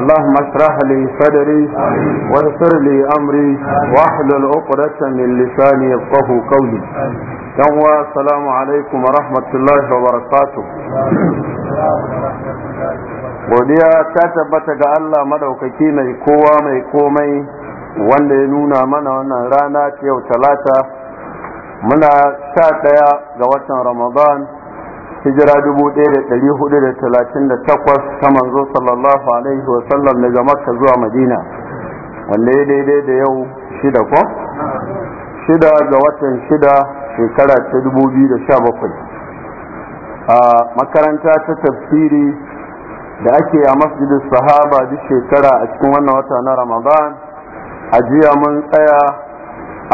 اللهم اشرح لي صدري ويسر لي امري واحلل عقدة من لساني يفقه قولي يوم السلام عليكم ورحمة الله وبركاته godiya ta tabbata ga Allah madaukaki mai kowa mai komai wanda ya nuna mana wannan rana ta yau talata muna sha ɗaya ga watan ramadan hijira 1438 ta manzo sallallahu alaihi wa sallam daga makka zuwa madina wanda ya daidai da yau shida ko? shida ga watan shida shekara ta 2017 a makaranta ta tafsiri da ake a masjidin sahaba duk shekara a cikin wannan wata na ramadan a jiya mun tsaya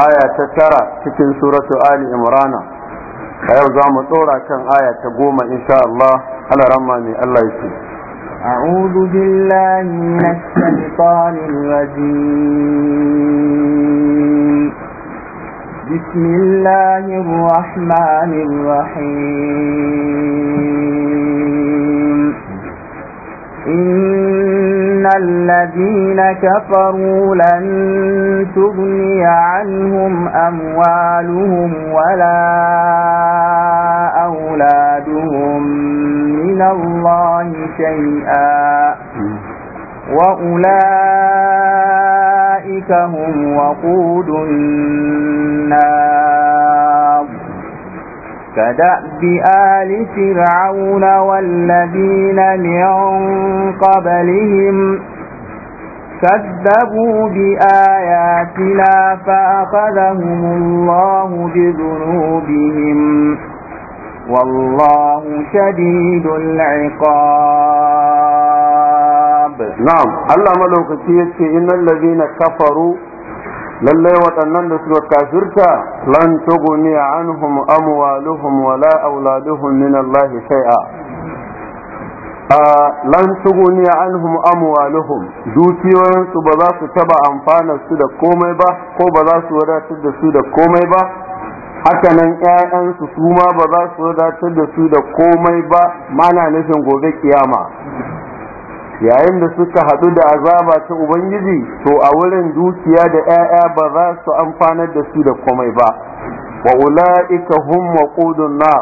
aya ta tara cikin suratu ali imrana a yau za mu tsora kan aya ta goma insha Allah ala ramma ne Allah ya ce أعوذ بالله من الشيطان الرجيم بسم الله إن الذين كفروا لن تغني عنهم أموالهم ولا أولادهم من الله شيئا وأولئك هم وقود النار كدأب آل فرعون والذين من قبلهم كذبوا بآياتنا فأخذهم الله بذنوبهم والله شديد العقاب نعم الله ملوك سيئة إن الذين كفروا lallai waɗannan da suka kafirta lan tuguni anhum amwaluhum wala auladuhum min Allah shay'a lan tuguni anhum amwaluhum su ba za su taba amfana su da komai ba ko ba za su wadatar da su da komai ba hakanan ƴaƴansu su ma ba za su wadatar da su da komai ba mana nufin gobe kiyama yayin da suka haɗu da azaba ta ubangiji to a wurin dukiya da 'ya'ya ba za su amfanar da su da komai ba wa ula'ika hum waqudun na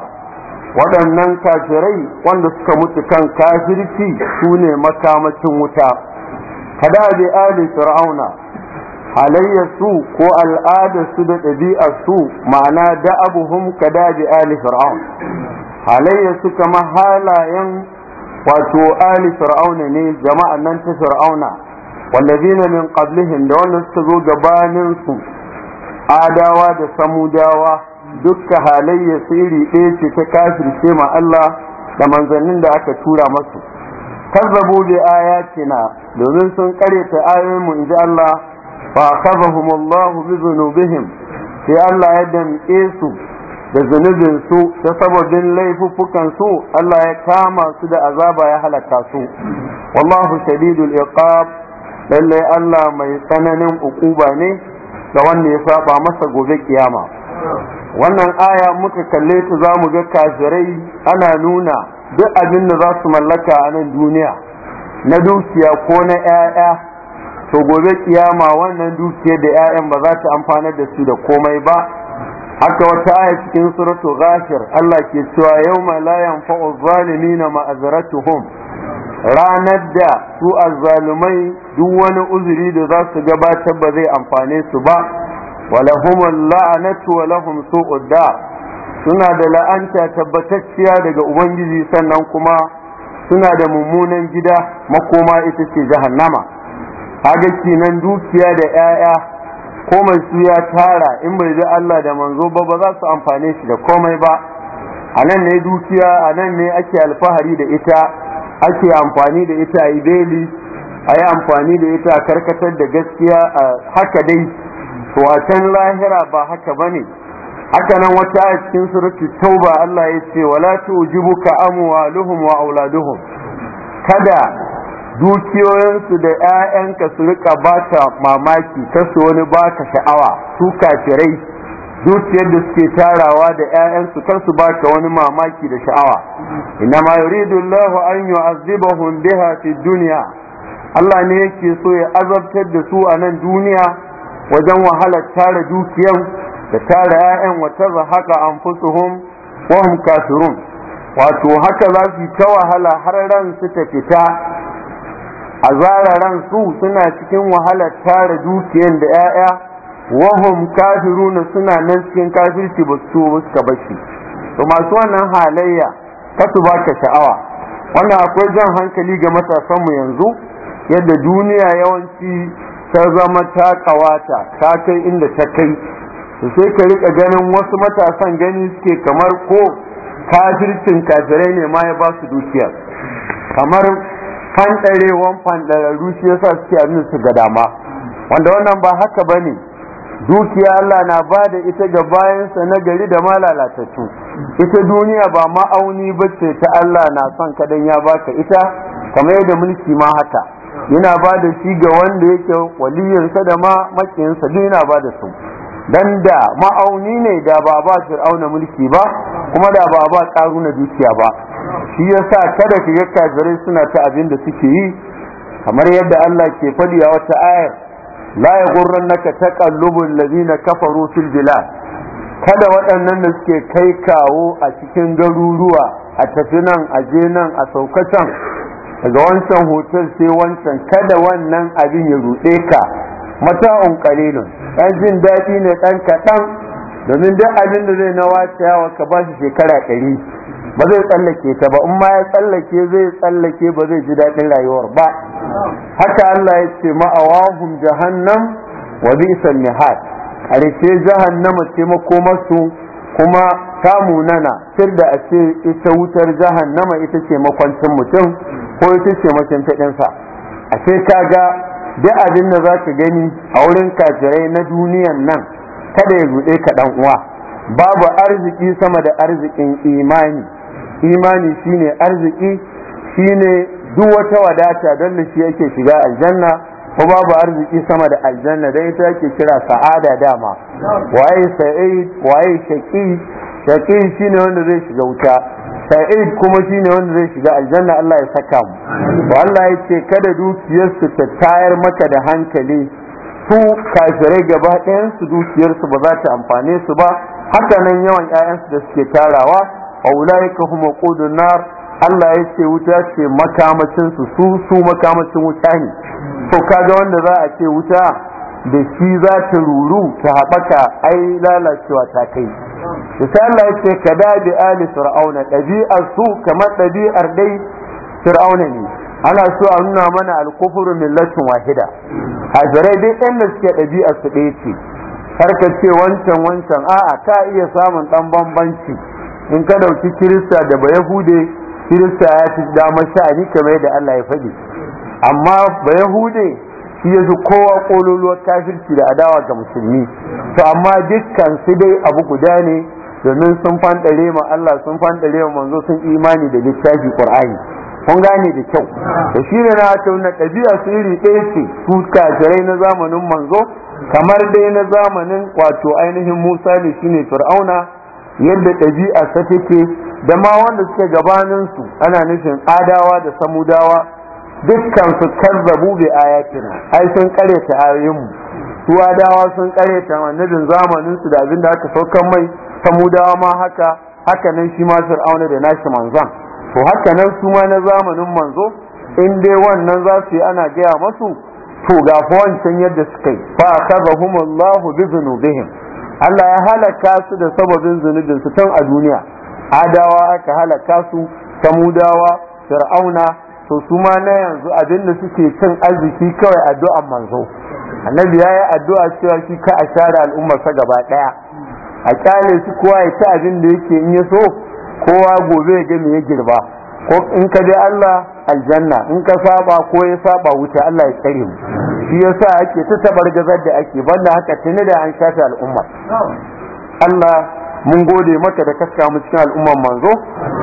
waɗannan kafirai wanda suka mutu kan kafirci sune ne makamacin wuta kada bi ali fir'auna halayya su ko al'ada su da ɗabi'arsu su ma'ana da abuhum kada bi ali fir'aun halayya su kama halayen wato ali fir'auna ne jama'an nan ta fir'auna wallazina min qablihim da wannan suka zo gabanin su adawa da samudawa dukka halayya siri ɗaya ce ta kafirce ma Allah da manzannin da aka tura masu kazzabu bi ayatina domin sun kare ta ayoyin mu inji Allah fa akhadhahum Allah bi dhunubihim sai Allah ya damƙe su da zunubin su ta sababin laifukan su Allah ya kama su da azaba ya halaka su wallahu shadidul iqab lallai Allah mai tsananin ukuba ne da wanda ya saba masa gobe kiyama wannan aya muka kalle ta zamu ga kafirai ana nuna duk abin da za su mallaka a nan duniya na dukiya ko na 'ya'ya to gobe kiyama wannan dukiya da 'ya'yan ba za ta amfanar da su da komai ba haka wata aya cikin suratu ghafir Allah ke cewa yawma la yanfa'u zalimina ma'azratuhum ranar da su azzalumai duk wani uzuri da za su gabatar ba zai amfane su ba walahum la'anatu wa lahum su'ud suna da la'anta tabbatacciya daga ubangiji sannan kuma suna da mummunan gida makoma ita ce jahannama haga kinan dukiya da 'ya'ya Komai su ya tara in bai ji Allah da manzo ba ba za su amfane shi da komai ba a nan ne dukiya a nan ne ake alfahari da ita ake amfani da ita a beli a yi amfani da ita a karkatar da gaskiya a haka dai to lahira ba haka ba ne haka nan wata a cikin surutu tauba Allah ya ce wala tujibuka amwaluhum wa auladuhum kada dukiyoyinsu da 'ya'yanka su rika ba ta mamaki ta su wani ba ka sha'awa su kafirai dukiyar da suke tarawa da 'ya'yansu kar su ba ka wani mamaki da sha'awa Ina ma yuridu Allah an azziba biha fi duniya Allah ne yake so ya azabtar da su a nan duniya wajen wahalar tara dukiyan da tara 'ya'yan wata wa haka anfusuhum wa hum kafirun wato haka za su ta wahala har ran su ta fita a zara ran su suna cikin wahalar tara dukiyar da 'ya'ya wahum kafiruna suna nan cikin kafirci ba su ba suka bashi to masu wannan halayya kasu ba ka sha'awa wannan akwai jan hankali ga matasanmu yanzu yadda duniya yawanci ta zama ta kawata ta kai inda ta kai sai ka rika ganin wasu matasan gani suke kamar ko kafircin kafirai ne ma ya ba su dukiya kamar fanɗarewan fanɗararru shi sa suke min su ga dama wanda wannan ba haka ba ne dukiya Allah na ba da ita ga bayansa na gari da ma lalatattu ita duniya ba ma'auni ba ce ta Allah na son kadan ya baka ita kamar yadda mulki ma haka yana bada shi ga wanda yake waliyinsa da ma makiyinsa duk yana ba da su dan da ma'auni ne da ba ba fir'auna mulki ba kuma da ba ba karu dukiya ba shi ya sa kada ka ga kafirai suna ta abin da suke yi kamar yadda Allah ke faɗi a wata ayar la ta kallubun lazina kafaru fil bilad kada waɗannan da suke kai kawo a cikin garuruwa a tafi nan a je nan a sauka can daga wancan hotel sai wancan kada wannan abin ya ruɗe ka mata qalilun dan jin daɗi ne ɗan kaɗan domin duk abin da zai na wacewa ka ba shi shekara ɗari ba zai tsallake ta ba in ma ya tsallake zai tsallake ba zai ji daɗin rayuwar ba haka Allah ya ce ma'awahun jahannam wa bi'sal mihad ƙarshe jahannama ce makomarsu kuma ta nana, sir da a ce ita wutar jahannama ita ce makwancin mutum ko ita ce mashintaɗinsa a ce ka ga duk abin da za ka gani a wurin kajirai na duniyan nan kada ya ruɗe ka ɗan uwa babu arziki sama da arzikin imani imani shine arziki shine duk wata wadata don da shi yake shiga aljanna ko babu arziki sama da aljanna dan ita yake kira sa'ada dama waye sa'id waye shaqi shaqi shine wanda zai shiga wuta sa'id kuma shine wanda zai shiga aljanna Allah ya saka mu to Allah ya ce kada dukiyarsu ta tayar maka da hankali su kafirai gaba ɗayan su dukiyarsu ba za ta amfane su ba haka nan yawan 'ya'yansu da suke tarawa aulaika hum qudun nar Allah ya ce wuta ce makamacin su su su makamacin wuta ne to kaga wanda za a ce wuta da shi za ta ruru ta haɓaka ai lalacewa ta kai sai Allah ya ce kada bi ali fir'auna ɗabi'ar su kamar ɗabi'ar dai fir'auna ne ana so a nuna mana alkufuru millatin wahida hajarai dai ɗan da suke ɗabi'ar su ɗaya ce har ka ce wancan wancan a'a ka iya samun ɗan bambanci in ka dauki kirista da ba yahude kirista ya ci damar sha'ani kamar yadda Allah ya faɗi amma ba yahude shi ya kowa ƙololuwar kafirci da adawa ga musulmi to amma dukkan su dai abu guda ne domin sun fanɗare ma Allah sun fanɗare ma manzo sun imani da littafi Qur'ani kun gane da kyau da shi ne na ta wannan ɗabi'a su iri ɗaya ce su kafirai na zamanin manzo kamar dai na zamanin wato ainihin Musa ne shine Fir'auna yadda ɗabi'a ta take da ma wanda suke gabanin su ana nufin adawa da samudawa dukkan su kazzabu bi ayatina ai sun karyata ayoyinmu su adawa sun karyata wannan zamanin su da abin da aka saukan mai samudawa ma haka haka nan shi ma fir'auna da nashi manzan to haka nan su ma na zamanin manzo in dai wannan za su yi ana gaya masu to ga wancan yadda suka yi fa akhadhahum Allahu bi Allah ya halaka su da sababin zunubin su tun a duniya adawa aka halaka su samudawa fir'auna to su ma na yanzu abin da suke cin arziki kawai addu'an manzo annabi ya yi addu'a cewa shi ka a share al'ummarsa gaba daya a kyale su kowa ya ci abin da yake in ya so kowa gobe ya ga me ya girba ko in ka je Allah aljanna in ka saba ko ya saba wuta Allah ya tsare mu shi yasa ake ta gazar da ake banda haka tuni da an shafe al'umma Allah mun gode maka da kaska mu cikin al'umman manzo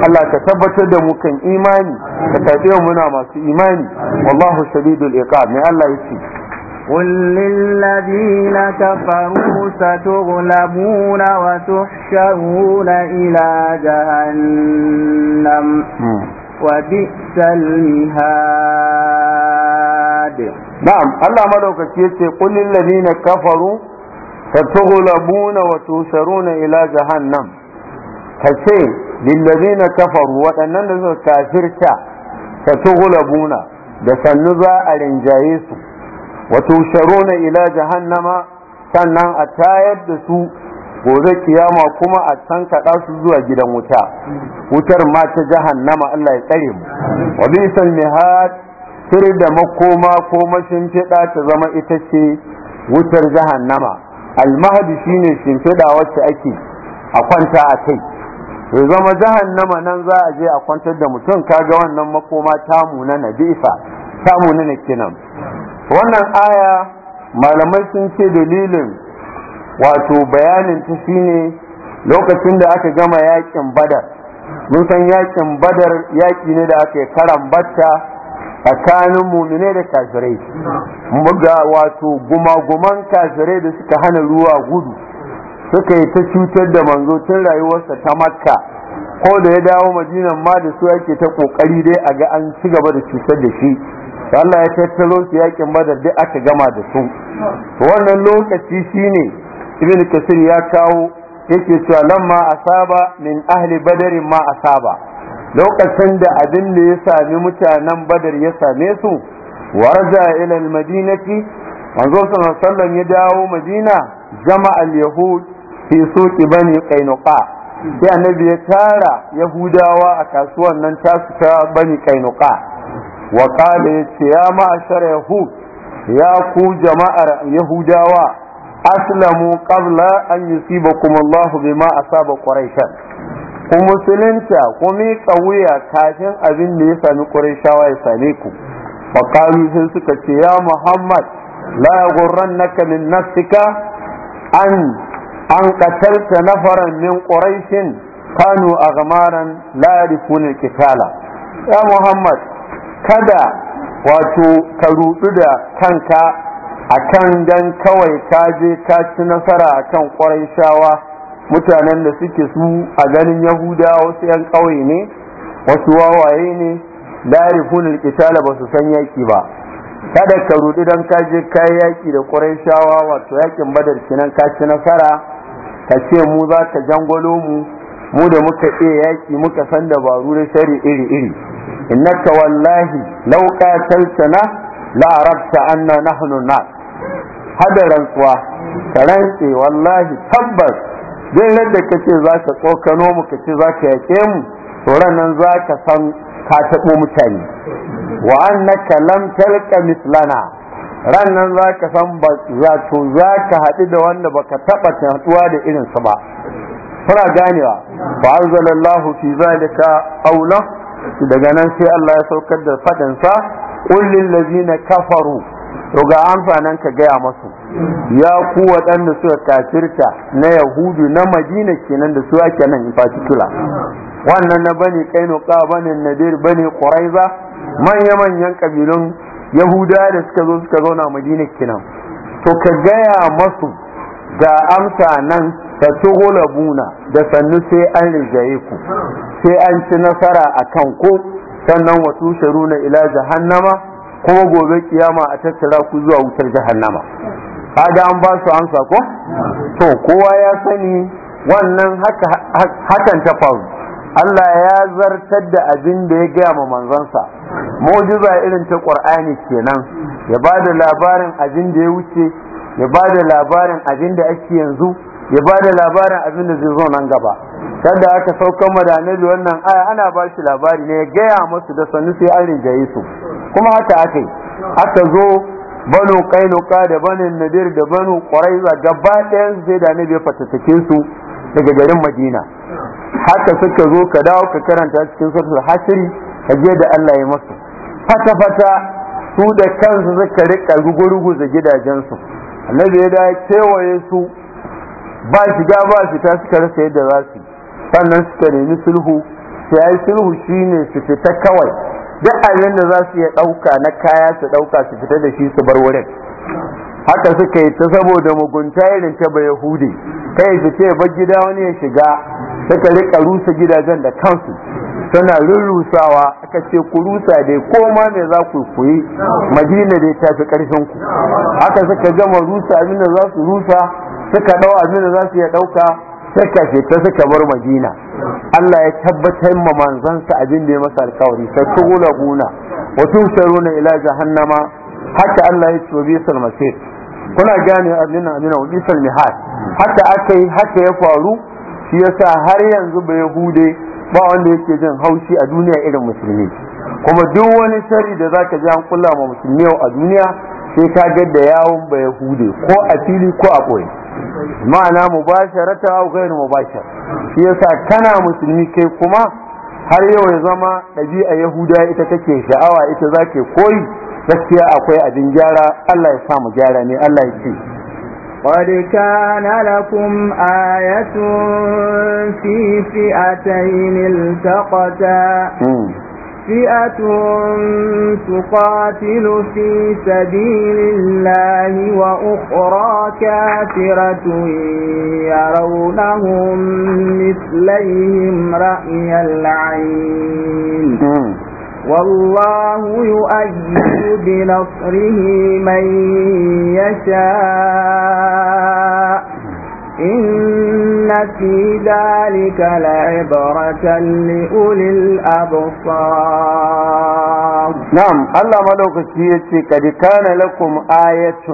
Allah ka tabbatar da mu kan imani ka mu muna masu imani wallahu shadidul iqab mai Allah yake قل للذين كفروا ستغلبون وتحشرون إلى جهنم hmm. وبئس المهاد نعم الله مدوك يتي قل الذين كفروا فتغلبون وتوسرون إلى جهنم كشيء للذين كفروا وأننا كافرتا فتغلبون دسنبا الانجايس وتوسرون إلى جهنم sannan a tayar da su gobe kiyama kuma a kaɗa su zuwa gidan wuta wutar ma ta nama. Allah ya tsare mu wa bisan mihad sir da makoma ko mashimfiɗa ta zama ita ce wutar jahannama almahadi shine shimfiɗa wacce ake a kwanta a kai ya zama nama nan za a je a kwantar da mutum kaga wannan makoma tamu na nabisa tamu na kinan wannan aya malamai sun ce dalilin wato bayanin ta shine lokacin da aka gama yakin badar mun san yakin badar yaki ne da aka yi karan batta tsakanin mumine da kafirai muga wato guma-guman kafirai da suka hana ruwa gudu suka yi ta cutar da manzo tun rayuwarsa ta makka ko da ya dawo madinan ma da su yake ta kokari dai a ga an ci gaba da cutar da shi Allah ya tattaro su yakin badar dai aka gama da su wannan lokaci shine ibn kasir ya kawo yake cewa ma asaba min ahli badr ma asaba lokacin da abin da ya sami mutanen badar ya same su waraja ila almadinati manzo sallallahu alaihi ya dawo madina jama'a alyahud fi suq bani qainuqa sai annabi ya tara yahudawa a kasuwan nan tasu ta bani qainuqa wa qala ya ce ya ma'ashara yahud ya ku jama'ar yahudawa aslamu qabla an yusibakum Allah bima asaba quraishan ku musulunta ku miƙa wuya kafin abin da ya sami quraishawa ya same ku fa sun suka ce ya Muhammad la yughrannaka min nafsika an an qatalta nafaran min quraishin kanu aghmaran la yarifuna kitala ya Muhammad kada wato ka rudu da kanka akan dan kawai ka je ka ci nasara akan kwarai shawa mutanen da suke su a ganin yahuda wasu yan ƙauye ne wasu wawaye ne larifun alƙitala ba su san yaki ba kada ka rudi dan ka je ka yaƙi da kwarai wato yakin badar kinan ka ci nasara ka ce mu za ka jangwalo mu mu da muka iya yaƙi muka san dabaru da shari iri iri innaka wallahi lau ƙataltana la'arabta anna nahnu nas hada rantsuwa ka rantse wallahi tabbas din da kace za ka tsokano mu kace za ka yake mu to nan za ka san ka taɓo mutane wa annaka lam talqa mislana rannan za ka san ba za ka haɗu da wanda baka taɓa haɗuwa da irinsu ba suna ganewa fa anzalallahu fi zalika aula daga nan sai Allah ya saukar da fadan sa kullin lazina kafaru to ga amsa nan ka gaya masu ya ku waɗanda suka kafirta na yahudu na madina kenan da su ake nan in particular wannan na bani kainuka bane nadir bane quraiza manya manyan kabilun yahuda da suka zo suka zauna madina kenan to ka gaya masu ga amsa nan ta tugulabuna da sannu sai an rigaye ku sai an ci nasara a kan ku sannan wa sharuna ila jahannama kuma gobe kiyama a tattara ku zuwa wutar jahannama kaga an ba su amsa ko to kowa ya sani wannan hakan ta faru Allah ya zartar da abin da ya gaya ma manzansa mu'jiza irin ta Qur'ani kenan ya bada labarin abin da ya wuce ya bada labarin abin da ake yanzu ya ba da labarin abin da zai zo nan gaba sanda aka saukan ma da wannan aya ana ba shi labari ne ya gaya musu da sannu sai an rinjaye su kuma haka aka yi aka zo banu kainuka da banin nadir da banu quraiza gaba ɗayan sai da annabi ya fatattake su daga garin madina haka suka zo ka dawo ka karanta cikin suratul hasiri ka je da Allah ya masu fata fata su da kansu suka rika rugurugu da gidajensu annabi ya da kewaye su ba shiga ba fita suka rasa yadda za su sannan suka nemi sulhu sai ai sulhu shine su fita kawai duk abin da za su iya ɗauka na kaya su ɗauka su fita da shi su bar wurin haka suka yi ta saboda mugunta irin ta ba yahudi kai su ce ba gida wani ya shiga suka rika rusa gidajen da kansu suna rurrusawa aka ce ku rusa dai koma me za ku koyi madina dai ta fi karfin ku haka suka gama rusa abin da za su rusa suka dau abin da za su iya dauka suka fita suka bar madina Allah ya tabbatar ma manzansa abin da ya masa alkawari sai gula guna wa tusharuna ila jahannama hatta Allah ya tsobi sal masir kuna gane abin abin wa bisal mihad hatta akai haka ya faru shi yasa har yanzu bai hude ba wanda yake jin haushi a duniya irin musulmi kuma duk wani sharri da zaka ji an kula ma musulmi a duniya sai ka ga da yawon ba hude ko a fili ko a koyi ma'ana mubasharata aw ghairu mubashar shi yasa kana musulmi kai kuma har yau ya zama ɗabi'a yahuda ita take sha'awa ita zake koyi gaskiya akwai abin gyara Allah ya sa mu gyara ne Allah ya ce قد كان لكم آية في فئتين التقتا فئة تقاتل في سبيل الله وأخرى كافرة يرونهم مثليهم رأي العين والله يؤيد بنصره من يشاء إن في ذلك لعبرة لأولي الأبصار نعم الله ملوك سيئتي قد كان لكم آية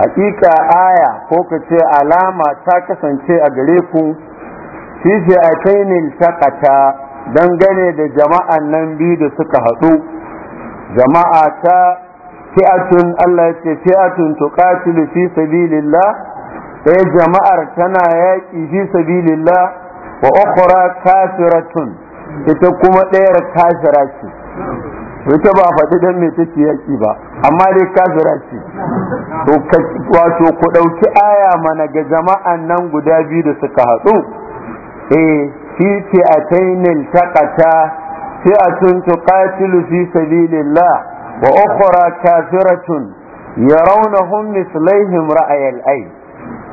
حقيقة آية فوق تي علامة تاكسا تي أقريكم في فئتين التقتا dangane da jama'an nan biyu da suka haɗu jama'a ta fi'atun Allah ce fi'atun tuqatilu fi sabilillah ɗaya jama'ar tana yaƙi fi sabilillah wa ukhra kafiratun ita kuma ɗayar kafira ce ita ba faɗi dan me take yaƙi ba amma dai kafira ce to wato ku ɗauki aya mana ga jama'an nan guda biyu da suka haɗu eh fi a taqata fi'atun tuqatilu fi sabilillah ukhra kafiratun يرونهم مثليهم رأي الأين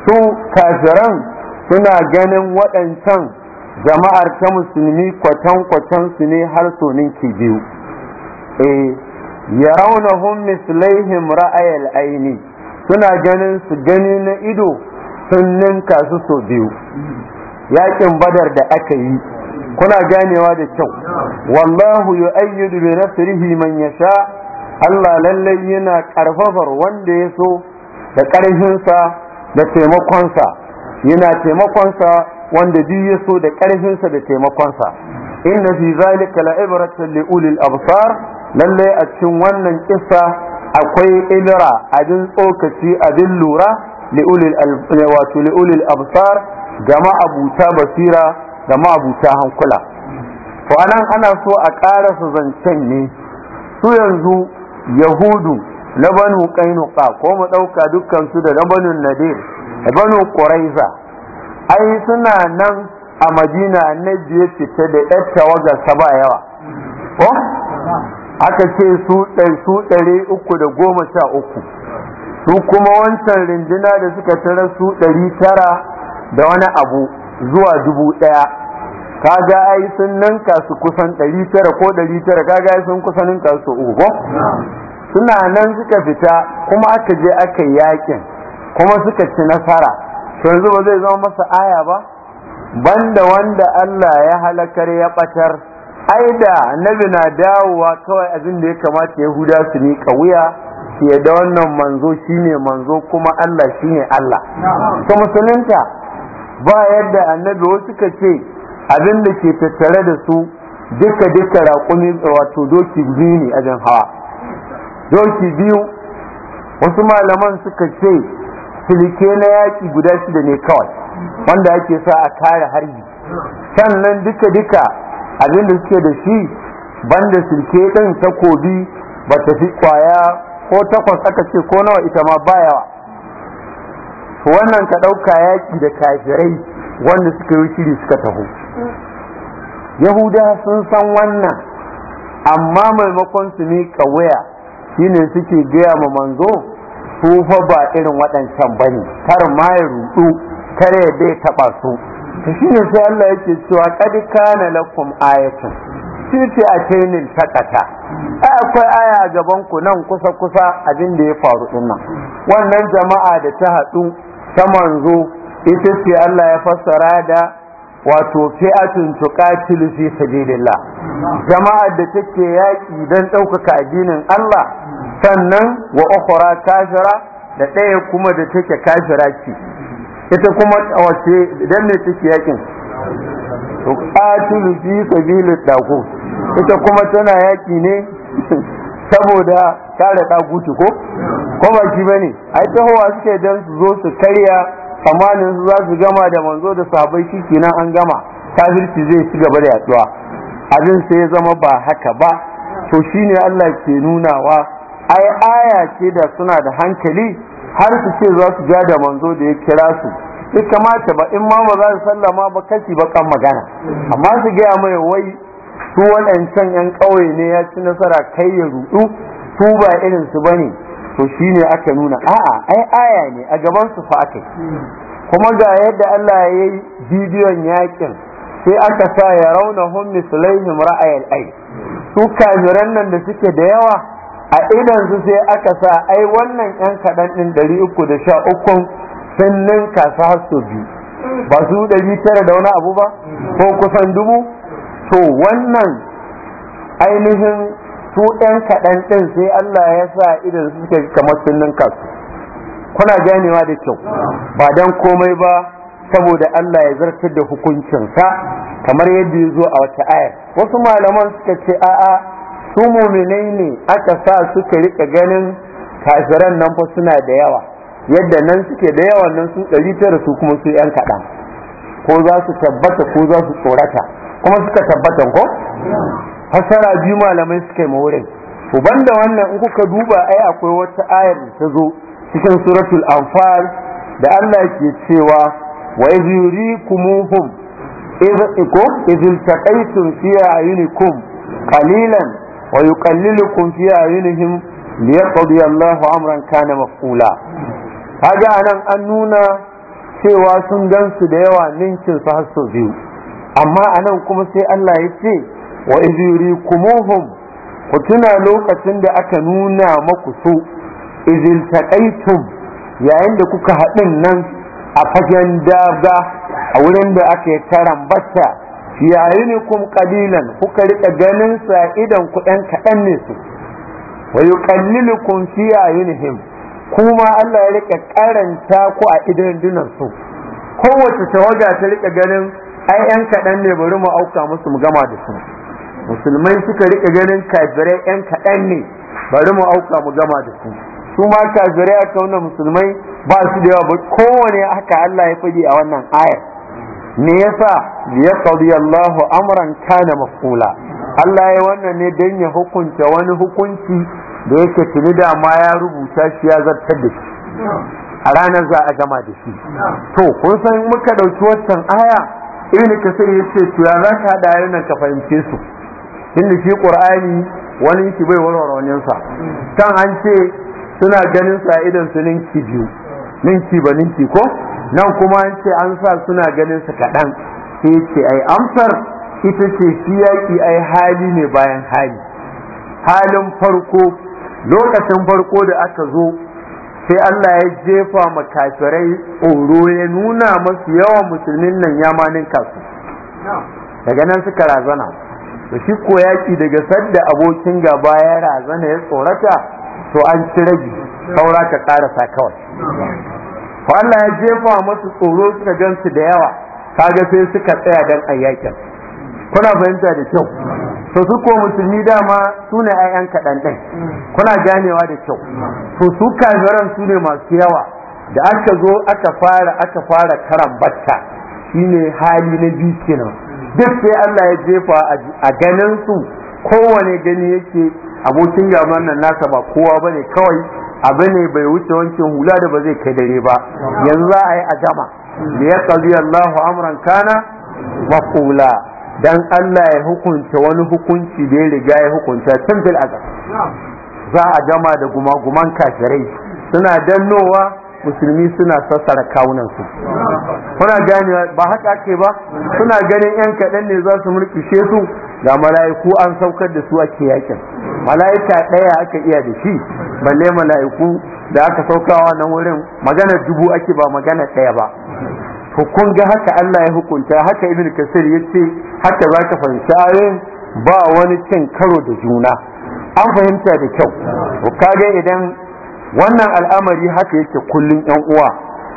su kafiran suna ganin waɗancan jama'ar ta musulmi kwatan-kwatan su ne har su ninki biyu eh ya raunahun mislaihim ra'ayal aini suna ganin su gani na ido sun ninka su so biyu yakin badar da aka yi kuna ganewa da kyau wallahu yu'ayyidu bi nasrihi man sha. Allah lallai yana karfafar wanda ya so da ƙarfinsa da taimakonsa yana taimakonsa wanda duk ya so da ƙarfinsa da taimakonsa inna fi zalika la'ibratan li ulil absar lalle a cikin wannan kissa akwai ilra abin tsokaci abin lura li ulil wato li ulil absar ga ma'abuta basira ga ma'abuta hankula to anan ana so a ƙarasa zancen ne su yanzu yahudu na banu kainuka ko mu ɗauka dukkansu da na banu nadir da banu ƙuraiza ai suna nan a madina annabi ya fita da yar tawagarsa ba yawa ko aka ce su su ɗari uku da goma sha uku su kuma wancan rinjina da suka tara su ɗari tara da wani abu zuwa dubu ɗaya kaga ai sun ninka su kusan ɗari tara ko ɗari tara kaga ai sun kusan ninka su uku ko suna nan suka fita kuma aka je aka yakin kuma suka ci nasara to yanzu ba zai zama masa aya ba banda wanda Allah ya halakar ya batar aida annabi na dawowa kawai abin da ya kamata yahuda su ni ƙauya su da wannan manzo shine manzo kuma Allah shine Allah ta musulunta ba yadda annabi wasu suka ce abin da ke tattare da su duka duka raƙumi wato doki biyu ne a hawa doki biyu wasu malaman suka ce silike na yaƙi guda shida ne kawai wanda ake sa a kare harbi sannan duka-duka abin da suke da shi banda silke ɗin takobi ba ta fi kwaya ko takwas aka ce ko nawa ita ma bayawa wannan ka ɗauka yaƙi da kafirai wanda suka yi shiri suka taho yahuda sun san wannan amma maimakon su ne waya shine suke gaya ma manzo su fa ba irin waɗancan bane kar ma ya rudu kare ya bai taba su shine sai Allah yake cewa qad kana lakum ayatun shi ce a tainin takata ai akwai aya a gaban ku nan kusa kusa abin da ya faru din nan wannan jama'a da ta haɗu ta manzo ita ce Allah ya fassara da wato fi'atun tuqatilu fi sabilillah jama'a da take yaki dan ɗaukaka addinin Allah sannan wa ukhra kafira da ɗaya kuma da take kafira ce ita kuma wace dan ne take yakin qatilu fi sabilit taqut ita kuma tana yaki ne saboda kare taguti ko ko ba ki bane ai tahowa suke dan su zo su karya amanin su za su gama da manzo da sahabbai kenan an gama kafirci zai ci gaba da yaduwa abin sai ya zama ba haka ba to shine Allah ke nunawa ai aya ce da suna da hankali har su ce za su ja da manzo da ya kira su bai kamata ba in ma ba za su sallama ba kashi ba kan magana amma su gaya mai wai su waɗancan yan ƙauye ne ya ci nasara kai ya rudu su ba irin su bane to shi ne aka nuna a'a ai aya ne a gaban su fa aka kuma ga yadda Allah ya yi bidiyon yakin sai aka sa ya rauna humni mislaihim ra'ayal ai su kafiran nan da suke da yawa a su sai aka sa ai wannan yan kaɗan ɗin ɗari uku da sha ukun sun ninka su har su biyu ba su ɗari tara da wani abu ba ko kusan dubu to wannan ainihin su ɗan kaɗan ɗin sai Allah ya sa idan su suke kamar sun ninka su kuna ganewa da kyau ba dan komai ba saboda Allah ya zartar da hukuncinsa kamar yadda ya zo a wata ayar wasu malaman suka ce a'a su muminai ne aka sa suka rika ganin kafiran nan fa suna da yawa yadda nan suke da yawa, nan su ɗari tara su kuma su yan kaɗan ko za su tabbata ko za su tsorata kuma suka tabbatan ko fasara biyu malamai suka yi wurin uban da wannan in kuka duba ai akwai wata ayar da ta zo cikin suratul anfal da Allah ke cewa wa iz yurikumuhum iz ikum iz iltaqaytum fi ayunikum qalilan ويقللكم في fi ayunihim الله Allahu كان kana هذا kaga anan an nuna cewa sun gansu da yawa ninkin su har sau biyu amma anan kuma sai Allah ya ce wa izurikumuhum ku tuna lokacin da aka nuna maku su izil taƙaitun yayin da kuka haɗin nan a fagen daga a wurin da aka yi karambata kum qalilan kuka rika ganin sa idan ku ɗan kaɗan ne su wa yuqallilukum fi ya'yinihim kuma Allah ya rika karanta ku a idan dinan su kowace tawaga ta rika ganin ai yan kaɗan ne bari mu auka musu mu gama da su musulmai suka rika ganin kafirai yan kaɗan ne bari mu auka mu gama da su su ma kafirai a kauna musulmai ba su da yawa ba kowane haka Allah ya fage a wannan ayar me yasa ya qadi Allahu amran kana maf'ula Allah ya wannan ne dan ya hukunta wani hukunci da yake tuni da ma ya rubuta shi ya zartar da shi a ranar za a gama da shi to kun san muka dauki wannan aya ibn kasir yace to ya za ka hada ka fahimce su inda shi qur'ani wani shi bai warware wani sa kan an ce suna ganin sa idan su ninki biyu ninki ba ninki ko nan kuma an ce an sa suna ganin su kaɗan sai ce ai amsar ita ce shi yaƙi ai hali ne bayan hali halin farko lokacin farko da aka zo sai Allah ya jefa makafirai oro ya nuna masu yawan musulmin nan manin kasu daga nan suka razana da shi ko yaƙi daga sadda abokin gaba ya razana ya tsorata to an ci ragi saura ta ƙarasa kawai Allah ya jefa masu tsoro suka gansu da yawa kaga sai suka tsaya dan ayyakin kuna fahimta da kyau to su ko musulmi dama su ne ayyan kaɗan ɗin kuna ganewa da kyau to su kafiran su ne masu yawa da aka zo aka fara aka fara karambatta shine hali na biyu kenan duk sai Allah ya jefa a ganin su kowane gani yake abokin gaban nan nasa ba kowa bane kawai abu ne bai wuce wancin hula da ba zai kai dare ba yanzu za a yi a jama da ya kazi Allahu amran kana makula dan Allah ya hukunta wani hukunci da ya riga ya hukunta tun bil azab za a gama da guma-guman kafirai suna dannowa musulmi suna sassara kawunansu kuna gani ba haka ake ba suna ganin yan kaɗan ne za su murkushe su ga mala'iku an saukar da su ake yakin mala'ika ɗaya aka iya da shi balle mala'iku da aka saukawa nan wurin magana dubu ake ba magana ɗaya ba hukun ga haka Allah ya hukunta haka ibn kasir ya ce haka za ka fahimci ba wani cin karo da juna an fahimta da kyau ga idan wannan al'amari haka yake kullum yan uwa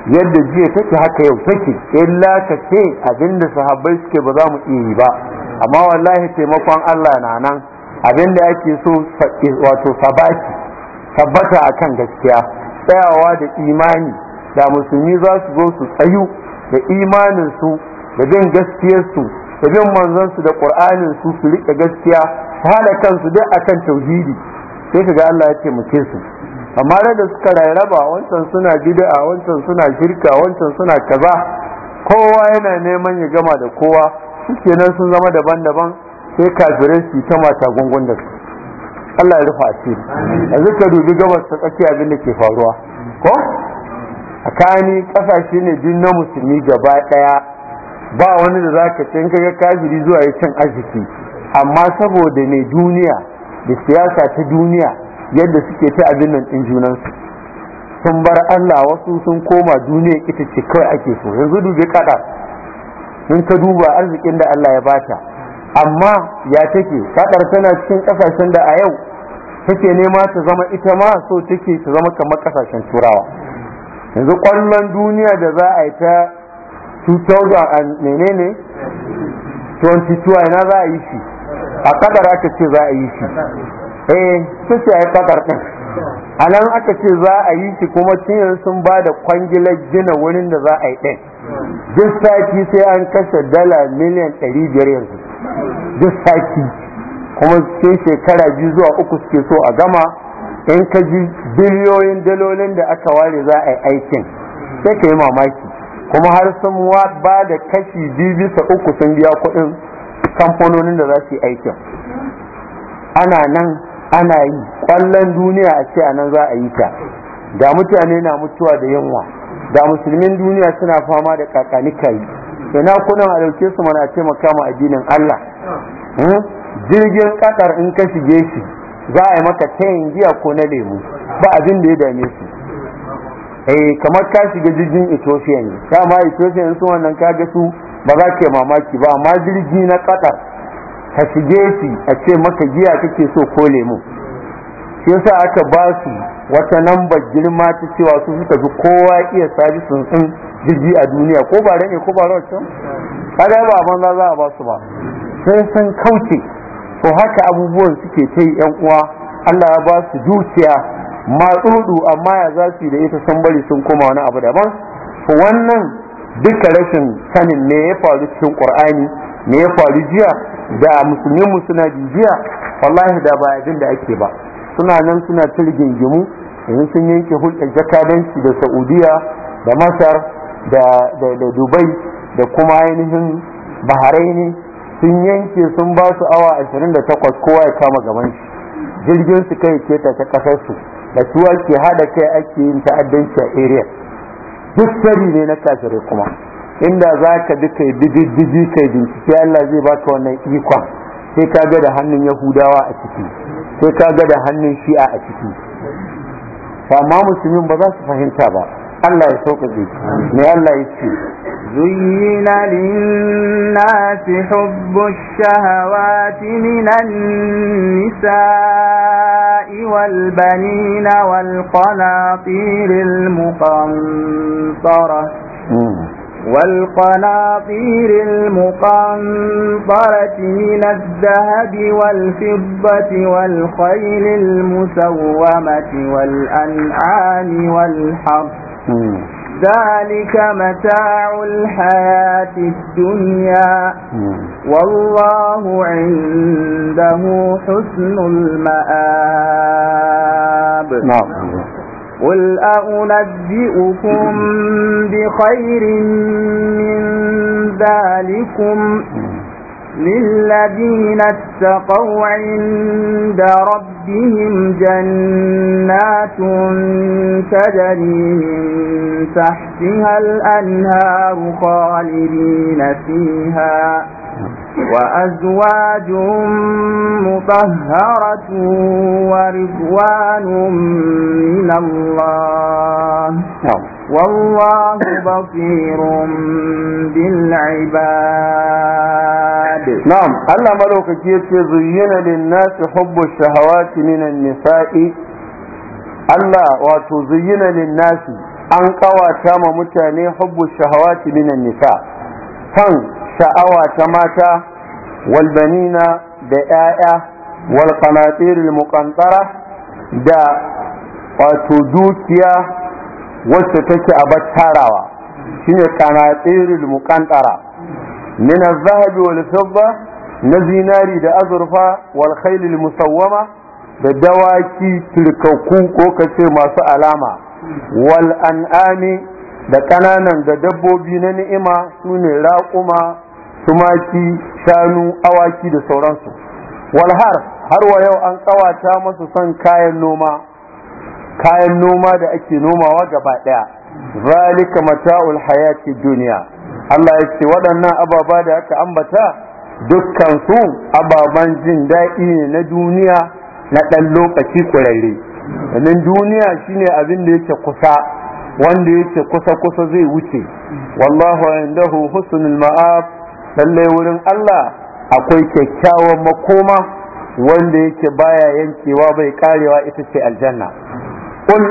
yadda jiya take haka yau take illa ta ce abinda sahabbai suke ba za mu iya yi ba amma wallahi taimakon Allah na nan abinda ake so wato sabaki tabbata akan gaskiya tsayawa da imani da musulmi za su zo su tsayu da imanin su da bin gaskiyar su da bin manzon su da qur'anin su su rike gaskiya su hada kansu duk akan tauhidi sai kaga Allah ya taimake su amma da suka rarraba wancan suna bid'a wancan suna shirka wancan suna kaza kowa yana neman ya gama da kowa nan sun zama daban-daban sai kafirai su ta mata gungun da su Allah ya rufa asiri yanzu ka dubi gabas ta tsaki abin da ke faruwa ko kani kasashe ne din na musulmi gaba daya ba wani da zaka ce in kaga kafiri zuwa ya cin arziki amma saboda ne duniya da siyasa ta duniya yadda suke ta abin nan ɗin junansu sun bar Allah wasu sun koma duniya ita ce kawai ake so yanzu dubi kada in ka duba arzikin da Allah ya bata amma ya take kadar tana cikin kasashen da a yau take nema ta zama ita ma so take ta zama kamar kasashen turawa yanzu kwallon duniya da za a yi ta 2000 menene 22 ina za a yi shi a kadar aka ce za a yi shi eh su ce ai fakar din a nan aka ce za a yi shi kuma cinyan sun ba da kwangilar gina wurin da za a yi ɗin duk sati sai an kashe dala miliyan ɗari biyar yanzu duk sati kuma sai shekara biyu zuwa uku suke so a gama in ka ji biliyoyin dalolin da aka ware za a yi aikin sai ka yi mamaki kuma har sun ba da kashi biyu bisa uku sun biya kuɗin kamfanonin da za su yi aikin ana nan ana yi kwallon duniya a ce nan za a yi ta ga mutane na mutuwa da yunwa ga musulmin duniya suna fama da kakanika yi ina kunan a dauke su mana taimaka ma addinin Allah hmm? jirgin ƙasar in ka shige shi za a yi maka tayin giya ko na lemu ba abin da ya dame su eh kamar ka shiga jirgin Ethiopia ne kama Ethiopia sun wannan kaga su ba za ka mamaki ba amma jirgi na ƙasar ka shige shi a ce maka giya kake so ko lemu shi yasa aka ba su wata namba girma ta cewa su suka fi kowa iya sabi tsuntsun jirgi a duniya ko ba ne ko ba rancen kada ba ban za a ba su ba sai sun kauce to haka abubuwan suke ta yi yan uwa Allah ya ba su dukiya matsudu amma ya za su da ita sun bari sun koma wani abu daban to wannan duka rashin sanin me ya faru cikin qur'ani me ya faru jiya da musulmin mu suna jijiya wallahi da ba abin da ake ba suna nan suna turgin gimu yanzu sun yanke hulɗar jakadanci da saudiya da masar da dubai da kuma ainihin bahraini sun yanke sun ba su awa 28 kowa ya kama gaban shi jirgin su kai keta ta kasar su da tuwa ke hada kai ake yin ta'addanci a area duk sari ne na kafirai kuma inda za ka bi kai bibibibi kai bincike Allah zai baka wannan ikon sai ka ga da hannun yahudawa a ciki sai ka ga da hannun shi'a a ciki amma musulmin ba za su fahimta ba Allah ya sauka sauƙaƙe ne Allah ya ce زين للناس حب الشهوات من النساء والبنين والقناطير المقنطرة والقناطير المقنطرة من الذهب والفضة والخيل المسومة والأنعام والحر ذلك متاع الحياة الدنيا والله عنده حسن المآب نعم قل أنبئكم بخير من ذلكم للذين اتقوا عند ربهم جنات تجري من تحتها الأنهار خالدين فيها وأزواج مطهرة ورضوان من الله والله بصير بالعباد نعم الله ملوك كيف زين للناس حب الشهوات من النساء الله وتزين للناس أنقوى an متاني حب الشهوات من النساء minan sha'awa ta mata walbanina da 'ya'ya walƙanatiril muƙantara da wato dukiya wacce take a battarawa shine ƙanatiril muƙantara min zahabi wal fidda na zinari da azurfa wal musawwama da dawaki turkakku ko kace masu alama wal an'ami da ƙananan da dabbobi na ni'ima sune ne raƙuma tumaki shanu awaki da sauransu walhar har wa yau an kawata masu son kayan noma kayan noma da ake nomawa gaba daya zalika mata'ul hayati duniya Allah ya ce waɗannan ababa da aka ambata dukkan su ababan jin daɗi ne na duniya na ɗan lokaci kurare domin duniya shine abin da yake kusa wanda yake kusa kusa zai wuce wallahu indahu husnul ma'ab lalle wurin Allah akwai kyakkyawan makoma wanda yake baya yankewa bai karewa ita ce aljanna Kun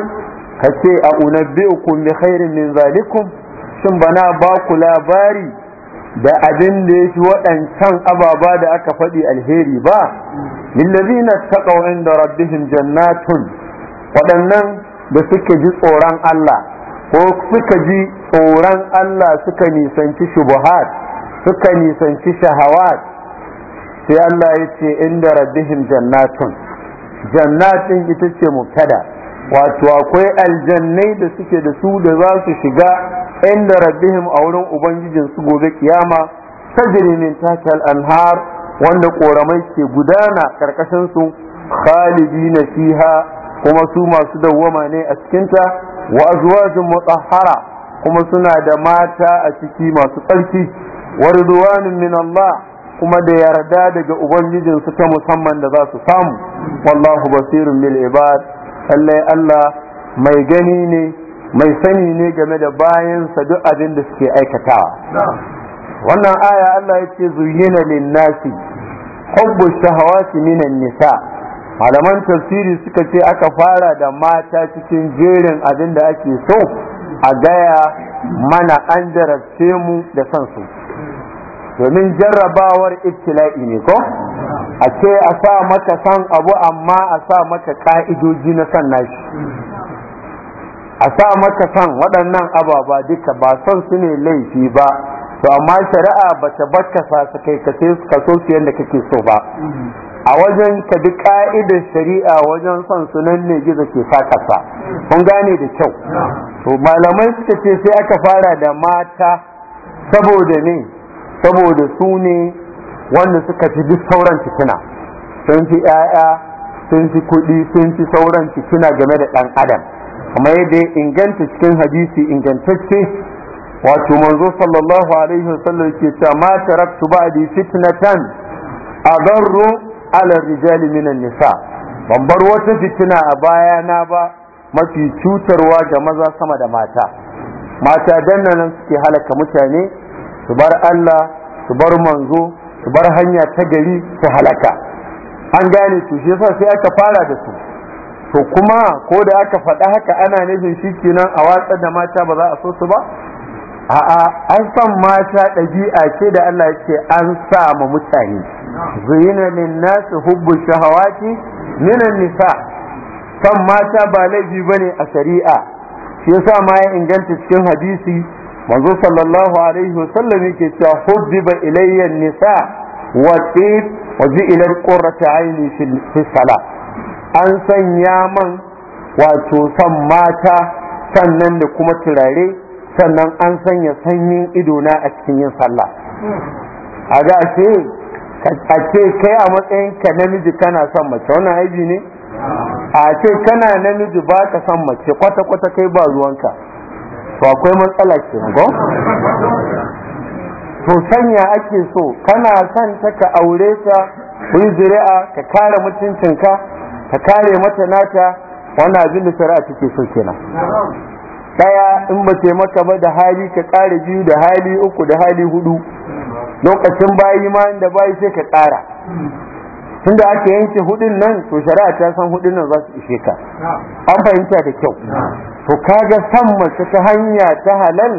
kace a unabbiukum bi khairin min zalikum shin bana ba ku labari da abin da yake waɗancan ababa da aka faɗi alheri ba lillazina taqaw inda rabbihim jannatun waɗannan da suke ji tsoron Allah ko suka ji tsoron Allah suka nisanci shubuhat suka nisanci shahawat sai Allah ya ce inda rabbihim jannatun jannatin ita ce mubtada wato akwai aljannai da suke da su da za su shiga inda rabbihim a wurin ubangijin su gobe kiyama tajri min tahtal anhar wanda koramai ke gudana karkashin su khalidina fiha kuma su masu dawwama ne a cikin ta wa azwajun mutahhara kuma suna da mata a ciki masu tsarki wa ridwanin min Allah kuma da yarda daga ubangijin su ta musamman da za su samu wallahu basirun lil ibad lallai Allah mai gani ne mai sani ne game da sa duk abin da suke aikatawa wannan aya Allah ya ce zuyina lin nasi hubbu shahawati minan nisa' malaman tafsiri suka ce aka fara da mata cikin jerin abin da ake so a gaya mana an jarabce mu da son su domin jarrabawar ibtila'i ne ko a ce a sa maka san abu amma a sa maka ka'idoji na san nashi a sa maka san waɗannan ababa duka ba son su ne laifi ba to amma shari'a ba ta baka sa su kai ka so su yadda kake so ba a wajen ka bi ka'idar shari'a wajen son sunan ne gizo ke sakasa kun gane da kyau to malamai suka ce sai aka fara da mata saboda ne saboda su ne wanda suka fi duk sauran cikina sun fi 'ya'ya sun fi kuɗi sun fi sauran cikina game da ɗan adam kuma yadda ya inganta cikin hadisi ingantacce wato manzo sallallahu alaihi wasallam ke ta ma taraktu di fitnatan adarru ala rijali minan nisa ban bar wata fitina a baya na ba mafi cutarwa ga maza sama da mata mata danna nan suke halaka mutane su bar Allah su bar manzo su bar hanya ta gari su halaka an gane su shi yasa sai aka fara da su to kuma ko da aka faɗa haka ana nufin shi kenan a watsar da mata ba za a so su ba a'a an san mata ɗabi'a ce da Allah yake an sa ma mutane zuyina min nasu hubbu shahawati minan nisa san mata ba laifi bane a shari'a shi yasa ma ya inganta cikin hadisi manzo sallallahu alaihi wasallam yake cewa hubbiba ilayya nisa wa tib wa ila qurrata aini fi salat an sanya man wato san mata sannan da kuma turare sannan an sanya sanyin idona a cikin yin sallah a ga ce a ce kai a matsayin ka namiji kana son mace wannan aibi ne a ce kana namiji ba ka son mace kwata-kwata kai ba ruwanka to akwai matsala ke ko to sanya ake so kana son ta ka aure ta ku yi ka kare mutuncinka ka kare mata nata wannan abin da shari'a take so kenan daya in ba ce maka ba da hali ka kare biyu da hali uku da hali hudu lokacin bayi ma inda bayi sai ka kara Tun da aka yanke hudun nan to shari'a ta san hudun nan za su ishe ka an fahimta da kyau to kaga san mace ta hanya ta halal